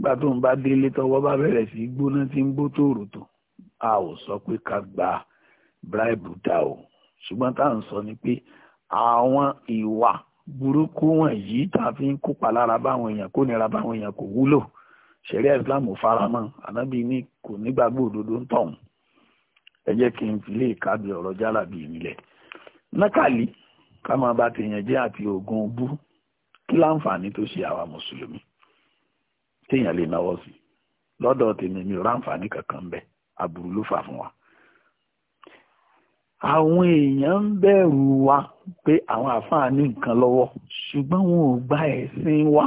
gbà tó ń bá délé tọwọ́ bá bẹ̀rẹ̀ sí gbóná tí ń bó tòròtò a ò sọ pé ká gba bíráìbù dá o ṣùgbọ́n tá à ń sọ ni pé àwọn ìwà burúkú wọ̀nyí tá a fi ń kópa lára báwọn èèyàn kó nira báwọn èèyàn kò wúlò ṣẹ̀ríà islam faramọ́ ànábì ní kò nígbàgbọ́ òdodo ń tọ̀hún ẹ jẹ́ kí n fi lè kábi ọ̀rọ̀ jálàbí ìmìlẹ̀ nákàlí ká máa bá tèèyàn jẹ́ àti oògùn bú kí láǹfààní tó ṣe àwa mùsùlùmí téèyàn lè náwó sí lọ́dọ̀ tèmi mi ò ráǹfààní kankan bẹ́ẹ̀ aburú ló fà fún wa àwọn èèyàn ń bẹ̀rù wa pé àwọn àfáà ní nǹkan lọ́wọ́ ṣùgbọ́n wọn ò gba ẹ̀sìn wa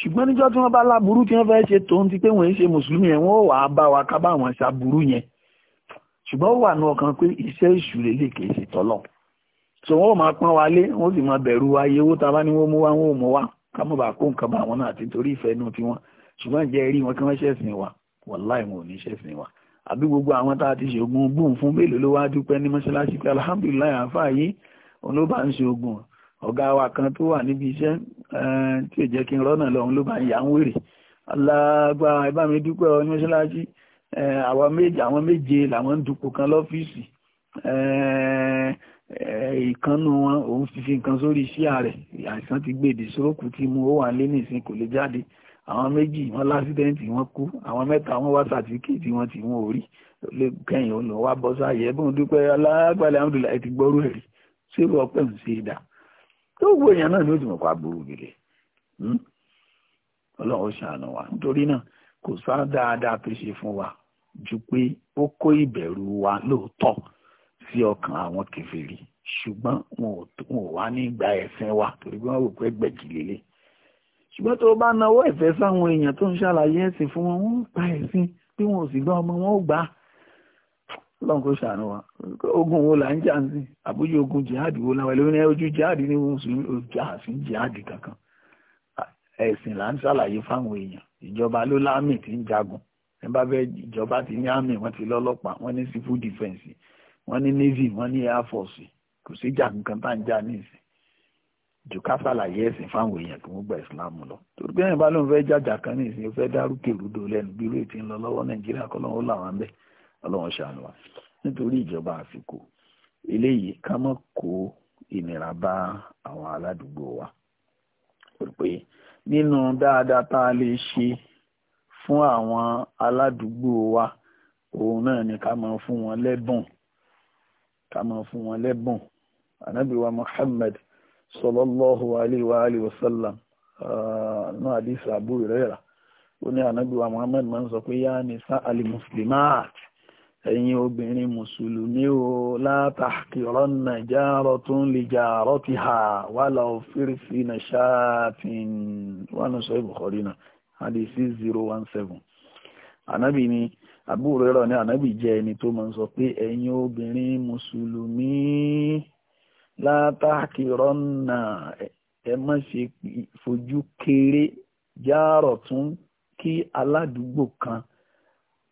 ṣùgbọ́n níjọ́ tí wọ́n bá láburú tí wọ́n fẹ́ ṣe tòun ti pé wọ́n ṣe mùsùlùmí yẹn wọ́n wà á bá wa ká bá wọn ṣàburú yẹn ṣùgbọ́n ó wà ní ọkàn pé iṣẹ́ ìṣù lélẹ̀ kìí ṣe tọ́lọ̀ so wọ́n ò máa pọ́n wa lé wọ́n sì máa bẹ̀rù wa iye owó ta ni ní wọ́n mú wá wọ́n ò mú wá ká mọ̀ bá kó nǹkan bá wọn náà àti torí ìfẹ́ inú tiwọn ṣùgbọ́n jẹ́ rí wọn kí wọ́n ṣẹ̀sìn ọ̀gá wa kan tó wà níbi iṣẹ́ eh, tí ò jẹ́ kí n rọ́nà lọ́hún ló bá ń yà ń wèrè alágbá ẹ bá mi dúpẹ́ ọ ní mọ́ṣáláṣí eh, àwọn méje àwọn méje làwọn ń dupò kan lọ́fíìsì eh, ìkànnù wọn òun fi fi nǹkan sórí iṣẹ́ rẹ̀ àìsàn ti gbèdè sórókù tí mu ó wà lé nìsín kò lè jáde àwọn méjì wọn lásídẹ́ǹtì wọn kú àwọn mẹ́ta wọn wá sàtífíkèétì wọn tí wọn ò rí kẹ́yìn olùwà bọ́sáyé dúpẹ́ alágbàlẹ̀ amúdùlá ẹ̀ ti gbọ́rú ẹ̀rí sírò ọpẹ́ ń ṣe dà tó gbogbo èèyàn náà ni ó ti mọ̀ pa burú gidi hmm? ọlọ́run ṣàánú wa nítorí náà kò sá dáadáa tó ṣe fún wa ju pé ó kó ìbẹ̀rù wa lóòótọ́ sí ọkàn àwọn kèfèrí ṣùgbọ́n wọn ò wá ní ìgbà ẹ̀sìn wa torí pé wọ́n rò pé gbẹ̀gì lélẹ̀ ṣùgbọ́n tó bá nawọ́ ìfẹ́ sáwọn èèyàn tó ń ṣàlàyé ẹ̀sìn fún wọn wọ́n gba ẹ̀sìn bí wọn ò sì gbà ọmọ wọn ò gbà á ọlọ́run kò wa ogun wo la ń jà ń sìn àbújá ogun jihad wo la ẹlẹ́wọ̀n ní ojú jihad ni mùsùlùmí ojú àsìn jihad kankan ẹ̀sìn là ń ṣàlàyé fáwọn èèyàn ìjọba ló láàmì tí ń jagun ẹ bá fẹ́ ìjọba ti ní àmì wọn ti lọ́lọ́pàá wọn ní civil defence wọn ní navy wọn ní air force kò sí jà kankan tá ń jà ní ìsìn ṣàlàyé ẹ̀sìn gba ìsìlámù lọ torí pé ẹ̀yìn bá lóun kan ní ìsìn fẹ́ lẹ́nu bí ń lọ lọ́wọ́ nàìjíríà kọ́ lọ́wọ́ ọlọ́run ṣàánú wa nítorí ìjọba àfikò eléyìí ká má kó ìnira bá àwọn aládùúgbò wa rò pé nínú dáadáa tá a lè ṣe fún àwọn aládùúgbò wa òun náà ni ká máa fún wọn lẹ́bùn ká máa fún wọn lẹ́bùn ànábì wa Muhammad sallallahu alayhi wa alihi wa sallam nínú ah, àdìsí Abu Hurairah ó ní ànábì wa Muhammad máa ń sọ pé yáa ní sá alimuslimat ẹ̀yin obìnrin mùsùlùmí o látàkìrọ̀ nàìjárọ̀ tó ń lè jàrọ̀ ti hà wà lọ fírífì nà ṣáàtìn wà ní sọ ìbùkọ́rí náà àdì six zero one seven ànábì ni àbúrò rẹ̀ ní ànábì jẹ́ ẹni tó máa ń sọ pé ẹ̀yin obìnrin mùsùlùmí látàkìrọ̀ nà ẹ má ṣe fojú kéré járọ̀ tún kí aládùúgbò kan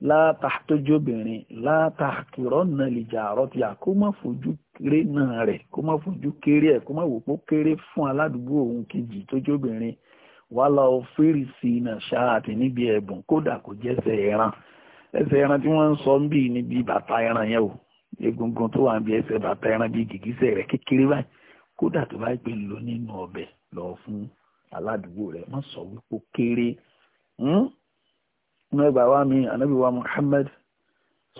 látàtójú obìnrin látàkìrọ́ náà lè jà àrọ́ ti à kó má fojú kéré náà rẹ̀ kó má fojú kéré ẹ̀ kó má wò pó kéré fún aládùúgbò òun kejì tójú obìnrin wà lọ fèrè sí iná ṣáàtì níbi ẹ̀bùn kódà kò jẹ́sẹ̀ ẹran ẹsẹ̀ ẹran tí wọ́n ń sọ ń bì níbi bàtà ẹran yẹn o egungun tó wà ń bí ẹsẹ̀ bàtà ẹran bíi gìgísẹ̀ rẹ̀ kékeré báyìí kódà tó bá gbé lọ nínú ọbẹ̀ lọ fún aládùúgbò rẹ̀ má sọ wípé kéré hmm? nínú ẹgbà wa mi ànábì wa Muhammad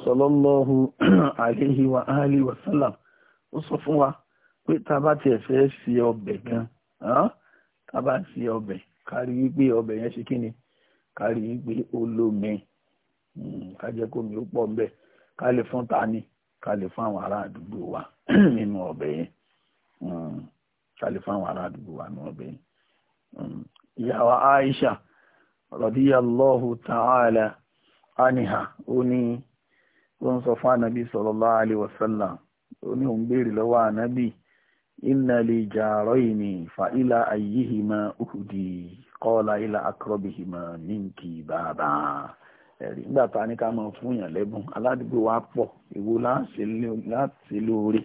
sallallahu [clears throat] alayhi wa alihi wa sallam ó sọ fún wa pé tá a bá tiẹ̀ fẹ́ ṣe ọbẹ̀ gan tá a bá ṣe ọbẹ̀ kárí wípé ọbẹ̀ yẹn ṣe kí ni kárí wípé olómi ká hmm, kó mi ó pọ̀ ń bẹ̀ ká lè fún ta ni ká lè fún àwọn ará àdúgbò wa [clears throat] nínú ọbẹ̀ yẹn hmm, ká lè fún àwọn ará àdúgbò wa nínú ọbẹ̀ yẹn hmm, ìyá Aisha. radiyallahu ta'ala aniha ó ní ó ń sọ fún ànábì sallallahu alaihi wasallam ó ní beere béèrè lọ́wọ́ ànábì inna li jarayni fa ila ayyihima uhdi qala ila akrabihima minki baba ẹ̀rí nígbà tá a ní ká máa fún yàn lẹ́bùn aládùúgbò wa pọ̀ èwo láti lóore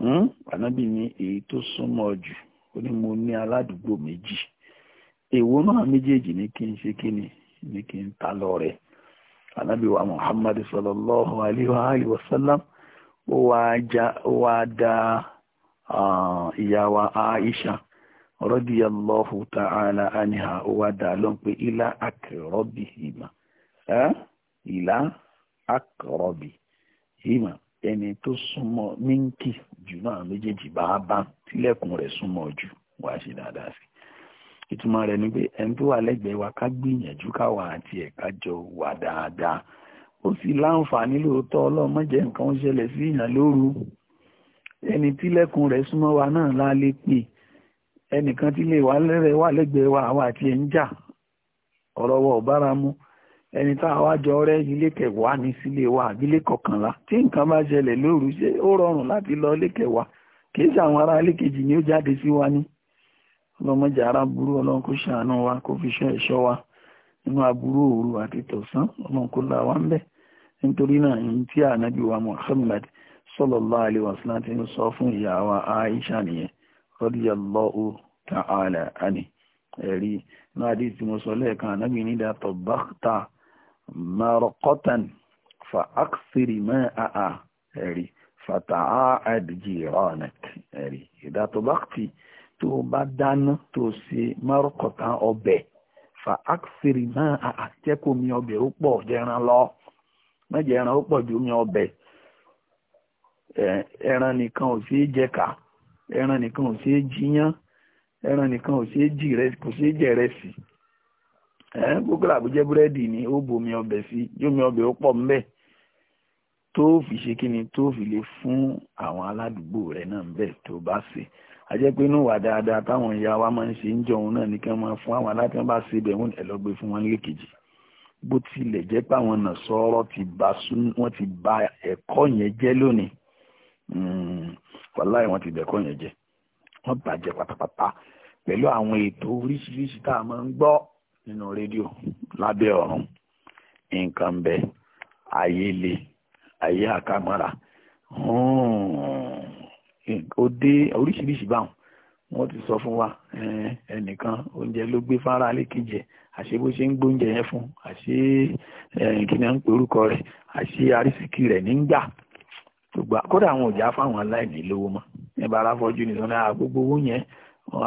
hmm? ànábì ní èyí tó súnmọ́ jù ó ní mo ni aládùúgbò meji èwo náà méjèèjì ní kí n ṣe kí ni ní kí n ta lọ rẹ̀ anabi muhammad sallallahu alayhi wa sallam ó wá da ìyá wa aisha radiyallahu ta'ala anha ó wá da ló ń pe ilá akẹrọbì ìmà ilá akẹrọbì ìmà ẹni tó súnmọ́ mínkì jù náà méjèèjì bá bá tilẹ̀kùn rẹ̀ súnmọ́ jù wá sí dáadáa sí ìtumọ̀ rẹ̀ ni pé ẹni tó wà lẹ́gbẹ̀ẹ́ wa ká gbìyànjú káwa àti ẹ̀ka jọ wà dáadáa ó sì láǹfààní lóòótọ́ ọlọ́mọ jẹ́ nǹkan ṣẹlẹ̀ sí ìyàn lóru ẹni tílẹ̀kùn rẹ̀ súnmọ́ wa náà lálé pè ẹnìkan tí lè lẹ́rẹ̀ wà lẹ́gbẹ̀ẹ́ wa àwa àti ẹ̀ ń jà ọ̀rọ̀ wọ̀ bára mu ẹni tá a wá jọ rẹ́ ilé kẹwàá ní sílé wa àbílẹ̀ kọkànlá tí nǹkan bá ṣẹlẹ̀ lóru ṣé ó rọrùn láti lọ ilé kẹwàá kì í ṣe ará ilé kejì ni ó jáde sí wa ni ọlọ́mọjà ara burú ọlọ́run kó ṣàánú wa kó fi ṣọ́ ẹ̀ṣọ́ wa nínú aburú òru àti tọ̀sán ọlọ́run kó là wá ń bẹ̀ nítorí náà ní tí ànábì wa Muhammad sallallahu alaihi wasallam ti ń sọ fún ìyá wa Aisha nìyẹn radiyallahu ta'ala ani ẹ̀rí náà àdí tí mo sọ lẹ́ẹ̀kan ànábì ní dá tọ̀báta marqatan fa aksiri mẹ́àá ẹ̀rí fata'a adjiranat ẹ̀rí ìdá tọ̀báta tó bá dáná tó ṣe márùkọ̀tà ọbẹ̀ fa àkìsìrì náà àtẹ́kù mi ọbẹ̀ ó pọ̀ jẹran lọ mẹ́jẹ ẹran ó pọ̀ ju mi ọbẹ̀ ẹran nìkan ò ṣeé jẹka ẹran nìkan ò ṣeé jiyán ẹran nìkan ò ṣeé jì rẹ kò ṣeé jẹ rẹ sí ẹ gbogbo àbújẹ búrẹ́dì ni ó bomi ọbẹ̀ sí jómi ọbẹ̀ ó pọ̀ ńbẹ̀ tó fi ṣe kí ni tó fi lè fún àwọn aládùúgbò rẹ náà ńbẹ̀ tó bá ṣe ajẹ́ pé inú wà dáadáa táwọn ìyá wa máa ń ṣe ń jọun náà ní kí wọ́n máa fún àwọn aláàtí wọn bá ṣe ibẹ̀ wọn ẹ̀lọ́gbé fún wọn lékejì bó tilẹ̀ jẹ́ pé àwọn ọ̀nà sọ̀rọ̀ wọ́n ti bà ẹ̀kọ́ yẹn jẹ́ lónìí hmm, wàláì wọ́n ti bà ẹ̀kọ́ yẹn jẹ́ wọ́n bàjẹ́ pátápátá pẹ̀lú àwọn ètò oríṣiríṣi tá a máa ń gbọ́ nínú rédíò lábẹ́ ọ̀run nǹkan bẹ́ẹ̀ ayé le ayé àkàmọ́ra. Hmm ó dé oríṣiríṣi báwọn wọ́n ti sọ fún wa ẹnìkan oúnjẹ ló gbé fara alékejì àṣé bó ṣe ń gbóúnjẹ yẹn fún àṣé kí ni à ń pe orúkọ rẹ̀ àṣé arísìkí rẹ̀ nígbà gbogbo kódà àwọn òjá fáwọn aláìní lówó mọ́ nígbà aráfọ́jú ní sọ́nà àgbogbo owó yẹn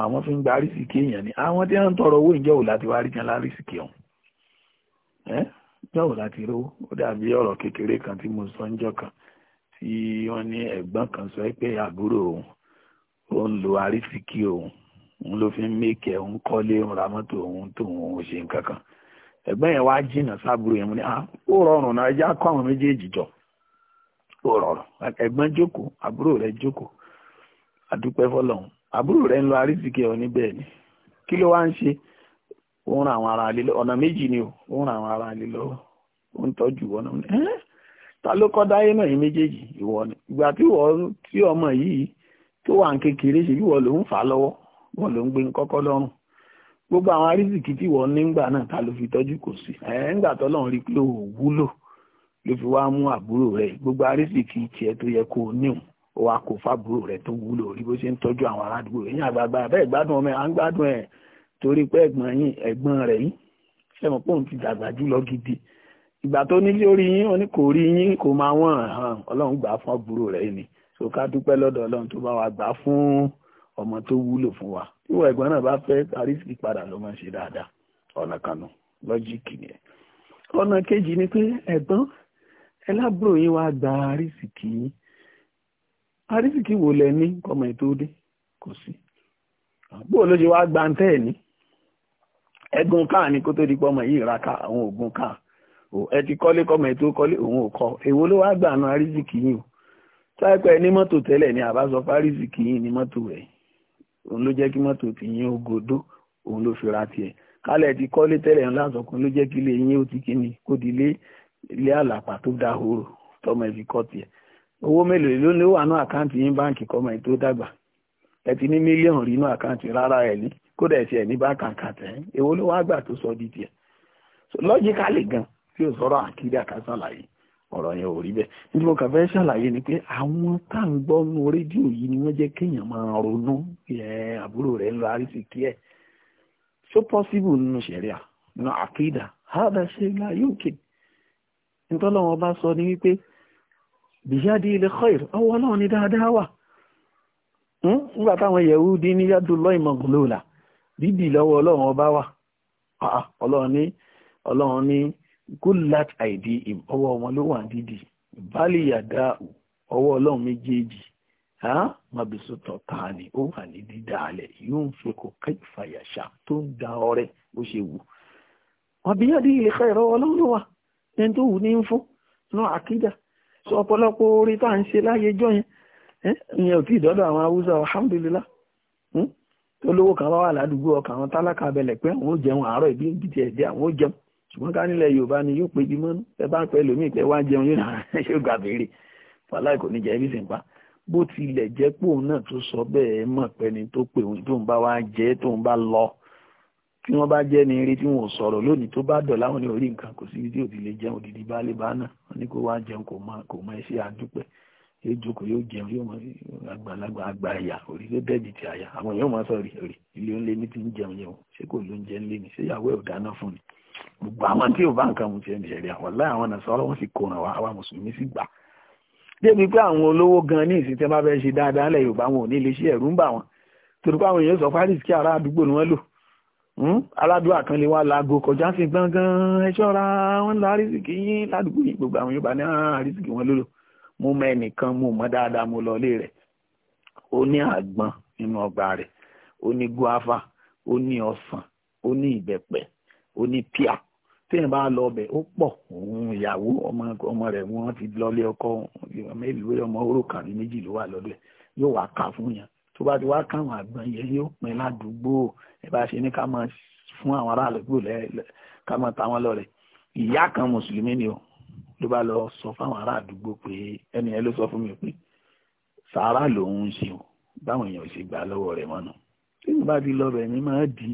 àwọn fi ń gba arísìkí èèyàn ni àwọn tí wọ́n ń tọrọ owó ìjọ láti wá rí kan lárísìkí ọ̀hún ẹ́ jọ́wọ́ láti rówó ó dàbí ọ̀rọ̀ kékeré kan tí mo sọ ń jọ kan tí wọ́n ní ẹ̀gbọ́n kan sọ pé àbúrò òun ó ń lo arísíkí òun òun ló fi ń mèkè òun kọ́lé òun ra mọ́tò òun tó òun ò ṣe nǹkan kan ẹ̀gbọ́n yẹn wá jìnnà sábúrò yẹn mo ní ó rọrùn náà ẹjẹ́ akọ àwọn méjèèjì jọ ó rọrùn ẹ̀gbọ́n jókòó àbúrò rẹ̀ jókòó àdúpẹ́ fọlọ́run àbúrò rẹ̀ ń lo arísíkí òun níbẹ̀ ni kí ló wá ń ṣe ó ń ran àwọn ará ilé lọ ọ̀nà méjì ni ó ń ran àwọn ará ilé lọ́wọ́ ó ń tọ́jú wọn náà ta ló kọ́ dáyé náà yín méjèèjì ìwọ ni ìgbà tí ìwọ tí ọmọ yìí tó wà ń kékeré ṣe ìwọ ló ń fà á lọ́wọ́ ìwọ ló ń gbé kọ́kọ́ lọ́rùn gbogbo àwọn arísìkì tí ìwọ ní náà ta ló fi tọ́jú kò sí ẹ̀ ńgbà tọ́lọ́run rí pé ò wúlò ló fi wá mú àbúrò rẹ̀ gbogbo arísìkì tiẹ̀ tó yẹ kó o níhùn ó wá kó fábúrò rẹ̀ tó wúlò rí bó ṣe ń tọ́jú àwọn aládùúgbò rẹ̀ yín àgbààgbà bẹ́ẹ̀ gbádùn ọmọ ẹ̀ à ìgbà tó ní lórí yín ó ní kò rí yín kò máa wọ̀n hàn ọlọ́run gbà fún àbúrò rẹ̀ ni so ká dúpẹ́ lọ́dọ̀ ọlọ́run tó bá wa gbà fún ọmọ tó wúlò fún wa ìwọ ẹ̀gbọ́n náà bá fẹ́ àrísìkí padà ló máa ń ṣe dáadáa ọ̀nà kanu lọ́jíìkì nìyẹn ọ̀nà kejì ni pé ẹ̀gbọ́n ẹlábùrò yín wá gba àrísìkí yín àrísìkí wo lẹ ní kọmọ ètò òde kò sí bó ló ṣe wá gba ẹ̀ ní ẹ̀gbọ́n káà ni kó tó di pọ́mọ yìí ra àwọn ògùn káà ẹ ti kọ́lé kọ́mọ ẹ tó kọ́lé òun ò kọ́ èwo ló wá gbà náà o ní ni àbá sọ yìí ní mọ́tò rẹ̀ òun ló jẹ́ kí mọ́tò ti yín ogodo òun ló fi ra tiẹ̀ kálẹ̀ ti kọ́lé tẹ́lẹ̀ ńlá sọkùn ló jẹ́ kí ilé yín ó ti ni kó di lé ilé àlàpà tó horo owó mélòó ló ní wà àkáǹtì yín báǹkì tí ò sọ̀rọ̀ àkídà ká ṣàlàyé ọ̀rọ̀ yẹn ò rí bẹ́ẹ̀ nítorí mo kàn fẹ́ ṣàlàyé ni pé àwọn tá à ń gbọ́ nu rédíò yìí ni wọ́n jẹ́ kéèyàn máa ronú àbúrò rẹ̀ ń lọ àrísìkí ẹ̀ ṣó pọ́síbù nínú ṣẹ̀ríà nínú àkídà hádà ṣe ń la yókè nítọ́lọ́wọ́n bá sọ ní wípé bìyàdí ilẹ̀ khair ọwọ́ náà ni dáadáa wà hm? nígbà táwọn Yẹhudi ní yadullah maglula bíbí lọ́wọ́ ọlọ́run ọba wà ọlọ́run ní ọlọ́run ní gullat àìdí ọwọ́ wọn ló wà dídì ìbálẹ̀ yàdá ọwọ́ ọlọ́run méjèèjì mabisu tọ̀tàní ó wà ní dídàálẹ̀ yóò ń fi kò kẹ́yìfà yàṣà tó ń da ọrẹ bó ṣe wù. àbíyáde ilé ká ìrọ̀ ọlọ́run ló wà ẹni tó wù ní ń fún ní àkídà sọ ọ̀pọ̀lọpọ̀ orí tá à ń ṣe láyé jọ yẹn ìyẹn ò tí ì dọ́dọ̀ àwọn haúsá alhamdulillah hm? tó lówó kan wá wà ládùúgbò ọkàn àwọn tálákà abẹlẹ̀ pé àwọn ò jẹun àárọ̀ ìbí ìbí tiẹ̀ dé àwọn ò jẹun ṣùgbọ́n ká nílẹ̀ yorùbá ni yóò péjú mọ́nú ẹ bá ń pẹ́ lómi ìpẹ́ wá jẹun yóò náà ṣe [laughs] gbà béèrè fàlàyé kò ní jẹ́ ibi sì ń pa bó tilẹ̀ jẹ́ pé òun náà tó sọ bẹ́ẹ̀ mọ̀ pẹ́ni tó pè òun tóun bá wá jẹ́ tóun bá lọ tí wọ́n bá jẹ́ ní eré tí wọ́n sọ̀rọ̀ lónìí tó bá dọ̀ láwọn ní orí nǹkan kò sí tí òdì lè jẹun òdìdí bá lè bá náà wọ́n ní wá jẹun kò mọ kò mọ àdúpẹ́ yóò jókòó yóò jẹun yóò mọ àgbàlagbà àgbà àyà orí tó dẹ́bi ti àyà àwọn yóò mọ sọ̀rí orí ilé oúnjẹ ní ń jẹun yẹn o ṣé kò lóúnjẹ ńlé ni ṣé ìyàwó ẹ̀ ò dáná fún ni gbogbo àwọn tí ò bá nǹkan mu ti ẹni ṣẹlẹ̀ àwọn láì àwọn nàṣọrọ wọn sì kóràn wá àwa mùsùlùmí sì gbà débi pé àwọn olówó gan ní ìsìn tí wọn bá fẹ́ ṣe dáadáa lẹ yorùbá wọn ò ní lè ṣe ẹ̀rù ń bà wọn torí pé àwọn èèyàn sọ paris kí ará àdúgbò ni wọn lò hmm? aládùn àkànlé wa laago kọjá sí gbọngàn ẹ ṣọ́ra wọn la àrísìkì yín ládùúgbò yìí gbogbo àwọn yorùbá ní àrísìkì ah, wọn lólò mo mọ ẹnìkan mo mọ dáadáa mo lọ ilé rẹ̀ ó ní àgbọn nínú ọgbà rẹ̀ ó ní guava ó ní ọsàn ó ní ìbẹpẹ ó ní píà téèyàn bá lọ ọbẹ̀ ó pọ̀ òun ìyàwó ọmọ ọmọ rẹ̀ wọ́n ti lọlé ọkọ mélòó ọmọ òrukàn ní méjì ló wà lọ́dọ̀ ẹ̀ yóò wá kà fún yẹn tó bá ti wá káwọn àgbọn yẹn yóò pin ládùúgbò ẹ bá ṣe ní ká máa fún àwọn aráàlú gbò lẹ ká máa ta wọn lọ́rẹ ìyá kan mùsùlùmí ni o ló bá lọ sọ fáwọn ará pé ẹni yẹn ló sọ fún mi pé sàárà lòun ń ṣe o báwọn èèyàn ò ṣe gbà lọ́wọ́ rẹ̀ mọ́nà tí mo bá ti lọ bẹ̀ ni máa dì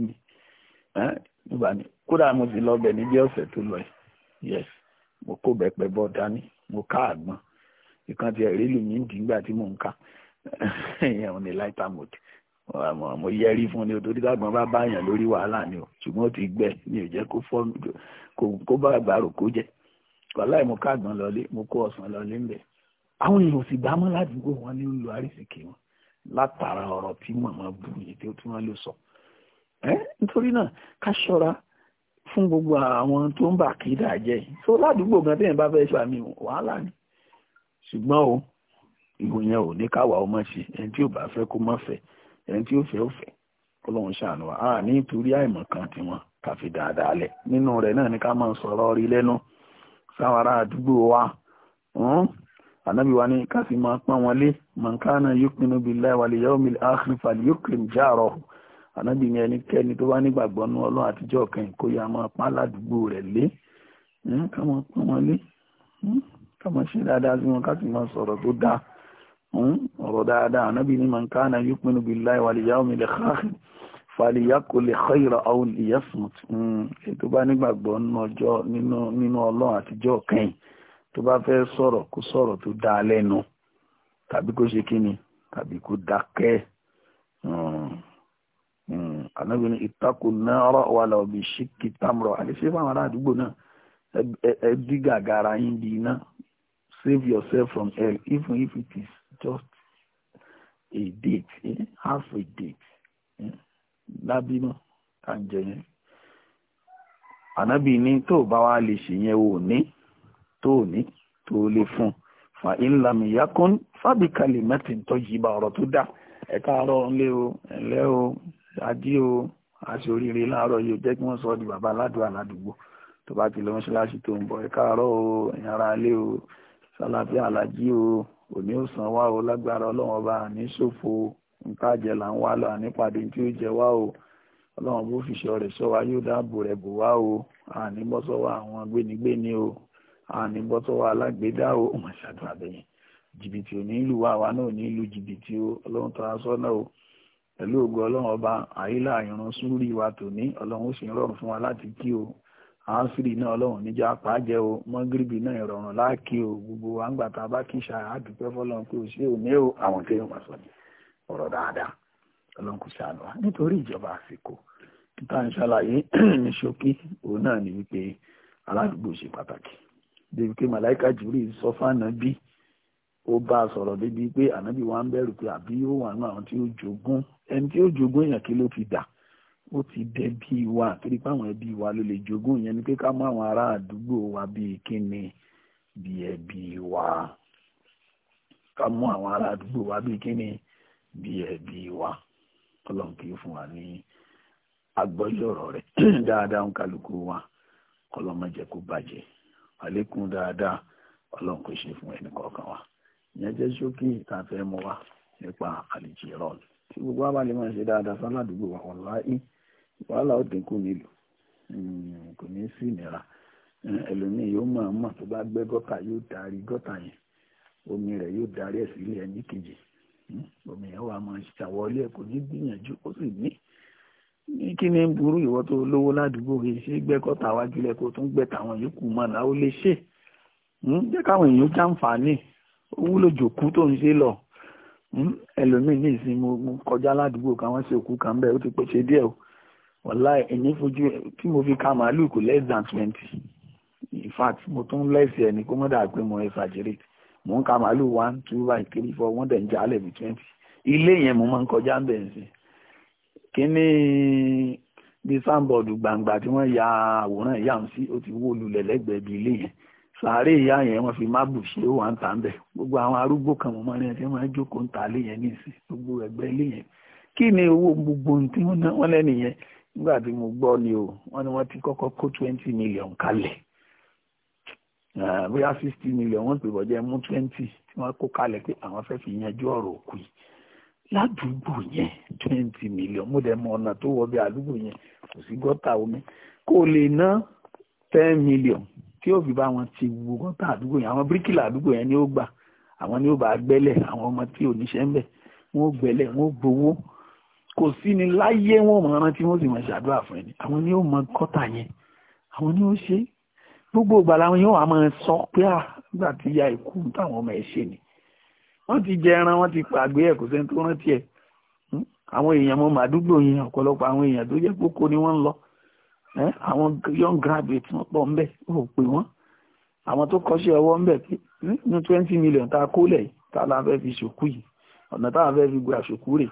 nígbà ní kódà mo ti lọ bẹ̀ níbi ọ̀sẹ̀ tó lọ yes mo kó bẹ̀pẹ̀ bọ́ dání mo ká àgbọn ìkan ti ẹ̀rí lù mí dìgbà tí mò ń ká ìyẹn ò ní lighter mode mo yẹrí fún ni o torí tágbọn bá báyàn lórí wàhálà ni o ṣùgbọ́n o ti gbẹ mi ò jẹ́ kó fọ́ kó bá àgbàrò kó jẹ wàhálà mo ká àgbọn lọlé mo kó ọ̀sán lọlé ńbẹ àwọn èèyàn ò sì gbámọ́ ládùúgbò wọn ní olùwárí sì kí wọn látara ọ̀rọ̀ tí mọ̀mọ́ bù yìí tí ó tún wọn lè sọ nítorí náà ká ṣọ́ra fún gbogbo àwọn tó ń bà kídà jẹ́ so ládùúgbò gan tẹ́yìn bá fẹ́ sàmì wàhálà ni ṣùgbọ́n o ìròyìn ò ní káwà ọmọ ṣe ẹni tí ò bá fẹ́ kó mọ́ fẹ́ ẹni tí ó fẹ́ ò fẹ́ ọlọ́run ṣàánú wa a ní torí àìmọ̀ kan tiwọn ká fi dáadáa lẹ̀ nínú rẹ̀ náà ni ká máa sọ̀rọ̀ rí lẹ́nu sáwọn ará àdúgbò wa hmm? ànábì wa ní ká sì máa pọ́n wọn lé man kana yu'minu billahi wal yawmil akhir falyukrim jarahu ànábì ní ẹnikẹ́ni tó bá nígbàgbọ́ nú ọlọ́run àtijọ́ kẹ́yìn kó yá máa pa aládùúgbò rẹ̀ lé ká máa pọ́n wọn lé ká máa ṣe dáadáa sí wọn ká sì máa sọ̀rọ̀ tó dáa ọ̀rọ̀ dáadáa ànábì ní man kana yu'minu billahi wal yawmil akhir falyaqul khayran aw liyasmut tó bá nígbàgbọ́ nínú ọlọ́run àtijọ́ kẹ́yìn tó bá fẹ́ sọ̀rọ̀ kó sọ̀rọ̀ tó dáa lẹ́nu tàbí kó ṣe kíni tàbí kó dákẹ́ Hmm. ànábi ní ìtakò náírà wà lọ bí ṣíkì tamrọ àdéṣe fáwọn ará àdúgbò náà ẹ gàgàrà yín di iná save yourself from hell even if it is just a date eh? half a date eh? lábímọ àǹjẹ yẹn ànábi ní tó bá wa lè ṣèyẹn ò ní tó ní tó lè fún un fa ìlànà yakun fábíkàlì mẹ́tìntọ́ yìí bá ọ̀rọ̀ tó dá ẹ̀ka àárọ̀ ńlẹ́ o ẹ̀lẹ́ o adí o aṣọ oríire láàárọ̀ yìí ó jẹ́ kí wọ́n sọ ọ́ di bàbá aládùúgbò aládùúgbò tó bá ti lọ mọ́ṣáláṣí tó ń bọ̀ ẹ káàárọ̀ o ẹ̀yin ará ilé o sálàfíà alájí o òní ò sàn wá o lágbára ọlọ́run ọba àní ṣòfò nǹkájẹ là ń wá lọ àní pàdé tí ó jẹ wá o ọlọ́run bó fìṣọ́ rẹ̀ ṣọ́ wa yóò dáàbò rẹ̀ bò wá o àní bọ́ sọ́wọ́ àwọn gbénigbéni o àní bọ́ sọ́wọ́ alágbèédá o ọmọ ìṣàdùn àbẹ̀yìn jìbìtì ò ní ìlú wa àwa náà ní ìlú jìbìtì o ọlọ́run tó aṣọ náà o pẹ̀lú ògo ọlọ́run ọba àyílà ìrun súrì wa tòní ọlọ́run ó sì ń rọrùn fún wa láti kí o àásìrì náà ọlọ́run níjà pàjẹ́ o mọ́gìrìbì náà ìrọ̀rùn láàkí o gbogbo wa ń gbà tá a bá kí ṣáà á dúpẹ́ fọlọ́run pé o ṣé o ní o àwọn kéèyàn wá sọ ní ọ̀rọ̀ dáadáa ọlọ́run kò ṣàánú wa nítorí ìjọba àsìkò títà ń ṣàlàyé ní ṣókí òun náà ni wípé aládùúgbò ṣe pàtàkì débi pé màláìka jùlọ sọ fáànà bí ó bá a sọ̀rọ̀ débi pé ànábì wa ń bẹ̀rù pé àbí yóò wà nínú àwọn tí ó jogún ẹni tí ó jogún èèyàn kí ló ti dà ó ti dẹ bí wa torí pé àwọn ẹbí wa ló lè jogún ìyẹn ni pé ká mú àwọn ará àdúgbò wa bíi kíni bí ẹbí wa ká mú àwọn ará àdúgbò wa bíi kíni bí ẹbí wa ọlọ́run kì í fún wa ní agbọ́yọ̀rọ̀ rẹ̀ [clears throat] dáadáa ń kálukú wa ọlọ́run má jẹ́ kó bàjẹ́ àlékún dáadáa ọlọ́run kò ṣe fún ẹnì kọ̀ọ̀kan wa ìyẹn jẹ́ ṣókí ìtàfẹ́ mọ́ wa nípa àlìjì rọ́ọ̀lù tí gbogbo wa bá lè máa ṣe dáadáa fún aládùúgbò wa ọ̀láì wàhálà ó dínkù nílùú hmm, kò ní sí ìnira hmm, ẹlòmíì yóò máa mọ̀ tó bá gbẹ́ gọ́tà yóò darí gọ́tà yẹn omi rẹ̀ yóò darí ẹ̀ sílé ẹni kejì hmm, omi yẹn wà máa ṣàwọlé ẹ̀ kò ní gbìyànjú ó sì ní ní kí ni burú ìwọ tó lówó ládùúgbò yìí ṣé gbẹ́ gọ́tà wájú lẹ kó tún gbẹ́ tàwọn yòókù mọ́ náà ó lè ṣe jẹ́ káwọn èèyàn jàǹfààní ó wúlò tó ń ṣe lọ Hmm? ẹlòmíì ní ìsìn mo kọjá ládùúgbò kan wọ́n ṣe òkú kan bẹ́ẹ̀ ó ti pèsè díẹ̀ o wọ́lá ẹ̀yìn fojú tí mo fi ka màálùú kò less than twenty in fact mo tún lẹ́sì ẹ̀ ní kó mọ́ dàgbé mo exaggerate mo ń ka màálùú one two by three four wọ́n dẹ̀ ń jalè bí twenty ilé yẹn mo máa ń kọjá bẹ́ẹ̀ ń sìn kíní bí sáńbọ̀dù gbàǹgbà tí wọ́n ya àwòrán ìyá òun sí ó ti wó lulẹ̀ lẹ́gbẹ̀ẹ́ bí ilé yẹn sàárè ìyá yẹn wọ́n fi máàbù ṣe ó wà ń tà ń bẹ̀ gbogbo àwọn arúgbó kan mọ̀ mọ́rin ẹni máa jókòó ń ta ilé yẹn nísìn gbogbo ẹgbẹ́ ilé yẹn kí ni owó gbogbo tí wọ́n ná wọ́n lẹ́nu yẹn nígbà tí mo gbọ́ ni o wọ́n ní wọ́n ti kọ́kọ́ kó twenty million kalẹ̀ bóyá fifty million wọ́n pè bọ́jẹ́ mú twenty tí wọ́n kó kalẹ̀ pé àwọn fẹ́ fi yanjú ọ̀rọ̀ òkú yìí ládùúgbò yẹn twenty million mo dẹ̀ mọ ọ̀nà tó wọ bí àdúgbò yẹn kò sí gọ́tà omi kó lè ná ten million tí ó fi bá wọn ti wo gọ́tà àdúgbò yẹn àwọn bíríkìlà àdúgbò yẹn ni ó gbà àwọn ni ó bá gbẹ́lẹ̀ àwọn ọmọ tí ò níṣẹ́ ń bẹ̀ wọ́n gbẹ́lẹ̀ wọ́n gbowó kò sí ni láyé wọn mọ̀ rántí wọ́n sì mọ̀ ṣàdúrà fún ẹni àwọn ni ó mọ gọ́tà yẹn àwọn ni ó ṣe gbogbo ìgbà làwọn yóò wá máa sọ pé à ah, nígbà tí ya ikú táwọn ọmọ ẹ ṣe ni wọ́n ti jẹ ẹran wọ́n ti pàgbé ẹ̀ kò sẹ́ni tó rántí ẹ̀ hmm? àwọn èèyàn mọ̀ màdúgbò yẹn ọ̀pọ̀lọpọ̀ àwọn èèyàn tó jẹ́ pókó ni wọ́n ń lọ àwọn young graduate wọn pọ̀ ńbẹ̀ ò pè wọ́n àwọn tó kọ́ṣẹ́ ọwọ́ ńbẹ̀ pé ní twenty million tá a kó lẹ̀ tá a la fẹ́ fi ṣòkú yìí ọ̀nà tá a fẹ́ fi gba ṣòkú rè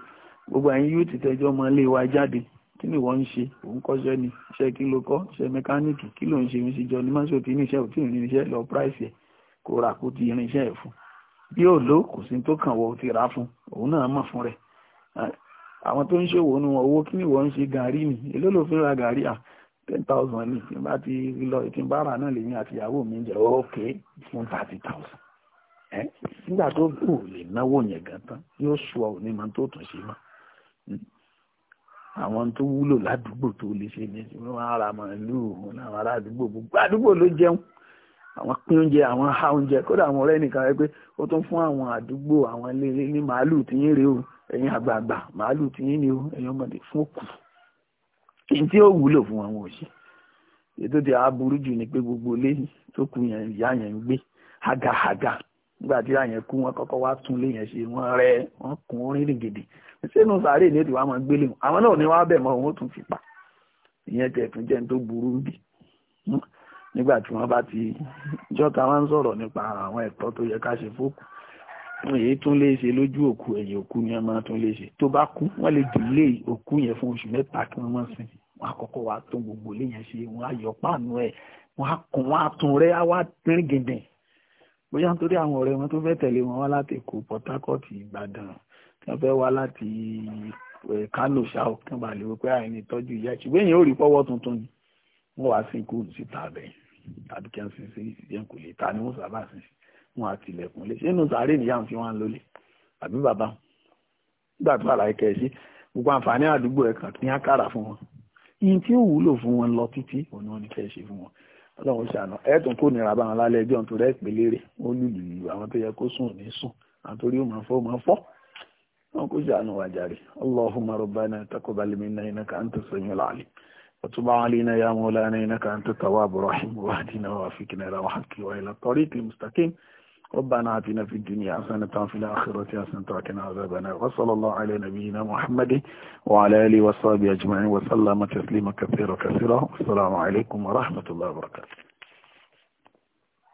gbogbo àyín yóò ti tẹjọ́ ọmọ ilé wa jáde kí ni wọ́n ń ṣe òun kọ́ṣẹ́ ni iṣẹ́ kí ló kọ́ iṣẹ́ mẹkáníìkì kí ló ń ṣe ń ṣe jọ ní mọ́ṣọ́ tí ní iṣẹ́ ò tí ì lọ price ẹ̀ kó rà kó ti irinṣẹ́ ẹ̀ fún bí ò ló kò sí tó kàn wọ́ ti rà fún òun náà mọ̀ fún rẹ̀ àwọn tó ń ṣòwò nu owó kí ni wọ́n ń ṣe gàrí ni èló ló fi ra gàrí à ten thousand ní tí n bá ti lọ tí n bá rà náà lèmi àti ìyàwó mi jẹ ókè fún thirty thousand ẹ nígbà tó kù lè náwó yẹn gan tán yóò sọ ọ ní ma tó tún ṣe mọ àwọn tó wúlò ládùúgbò tó lè ṣe ní ṣe wọn ara màálùú òun àwọn ará àdúgbò gbogbo àdúgbò ló jẹun àwọn pín oúnjẹ àwọn há oúnjẹ kódà àwọn ọ̀rẹ́ nìkan rẹ pé ó tún fún àwọn àdúgbò àwọn ilé ní màálùú tí yín rèé o ẹ̀yin àgbààgbà màálùú tí yín ni o ẹ̀yin ọmọdé fún òkú kí n tí ó wúlò fún wọn wọn ò ṣe ètò tí a burú jù ni pé gbogbo ilé tó kù yẹn ìyá yẹn ń gbé hagahaga nígbà tí ìyá yẹn kú wọn kọ́kọ́ wá tún ilé yẹn ṣe wọn rẹ wọn kún orin rìgìdì sínú sàárè ní ètò wa gbélé wọn àwọn náà ní wọn bẹ̀ mọ́ òun tún fi pa ìyẹn tẹ̀ tún jẹ́ tó burú bì nígbà tí wọ́n bá ti jọ́ta wọn ń sọ̀rọ̀ nípa àwọn ẹ̀tọ́ tó yẹ ká ṣe fókù wọn èyí tún lè ṣe lójú òkú ẹ̀yìn òkú ni wọn máa tún lè ṣe tó bá kú wọn lè dìlé òkú yẹn fún oṣù mẹ́ta kí wọ́n máa sìn wọn àkọ́kọ́ wa tún gbogbo ilé yẹn ṣe wọn ayọ̀ páànù ẹ̀ wọn á kún wọn á tún rẹ́ wá pín gẹ̀dẹ̀ bóyá nítorí àwọn ọ̀rẹ́ wọn tó fẹ́ tẹ̀lé wọn wá láti Èkó Port Harcourt Ìbàdàn tí wọ́n fẹ́ wá láti Kánò ṣáò kí wọ́n bá lè wọ pé àìní ìtọ́jú ìyá ṣùgbọ́n èèyàn ò rí pọ́wọ́ tuntun ni wọ́n wá sí ikú síta bẹ́ẹ̀ àdúkẹ́ ń sin sí ìyẹn ta ni wọ́n sábà sin sí wọn àti ilẹ̀kùn lé sínú sàárè nìyá ń fi wọn lólè àbí bàbá nígbà tó àlàyé kẹ̀sí gbogbo àǹfààní àdúgbò ẹ̀kan ní àkàrà fún wọn tí ó wúlò fún wọn lọ títí òun ni kẹ́ ṣe fún wọn ọlọ́run ṣàánú ẹ̀ẹ́dùn kò nira báwọn lálẹ́ ẹjọ́ nítorí ẹ̀pẹ́lẹ́ rẹ̀ ó lùlù àwọn tó yẹ kó sùn sùn ó máa máa wọn ya ربنا آتنا في الدنيا حسنة في الآخرة حسنة وقنا عذاب النار وصلى الله على نبينا محمد وعلى آله وصحبه أجمعين وسلم تسليما كثيرا كثيرا والسلام عليكم ورحمة الله وبركاته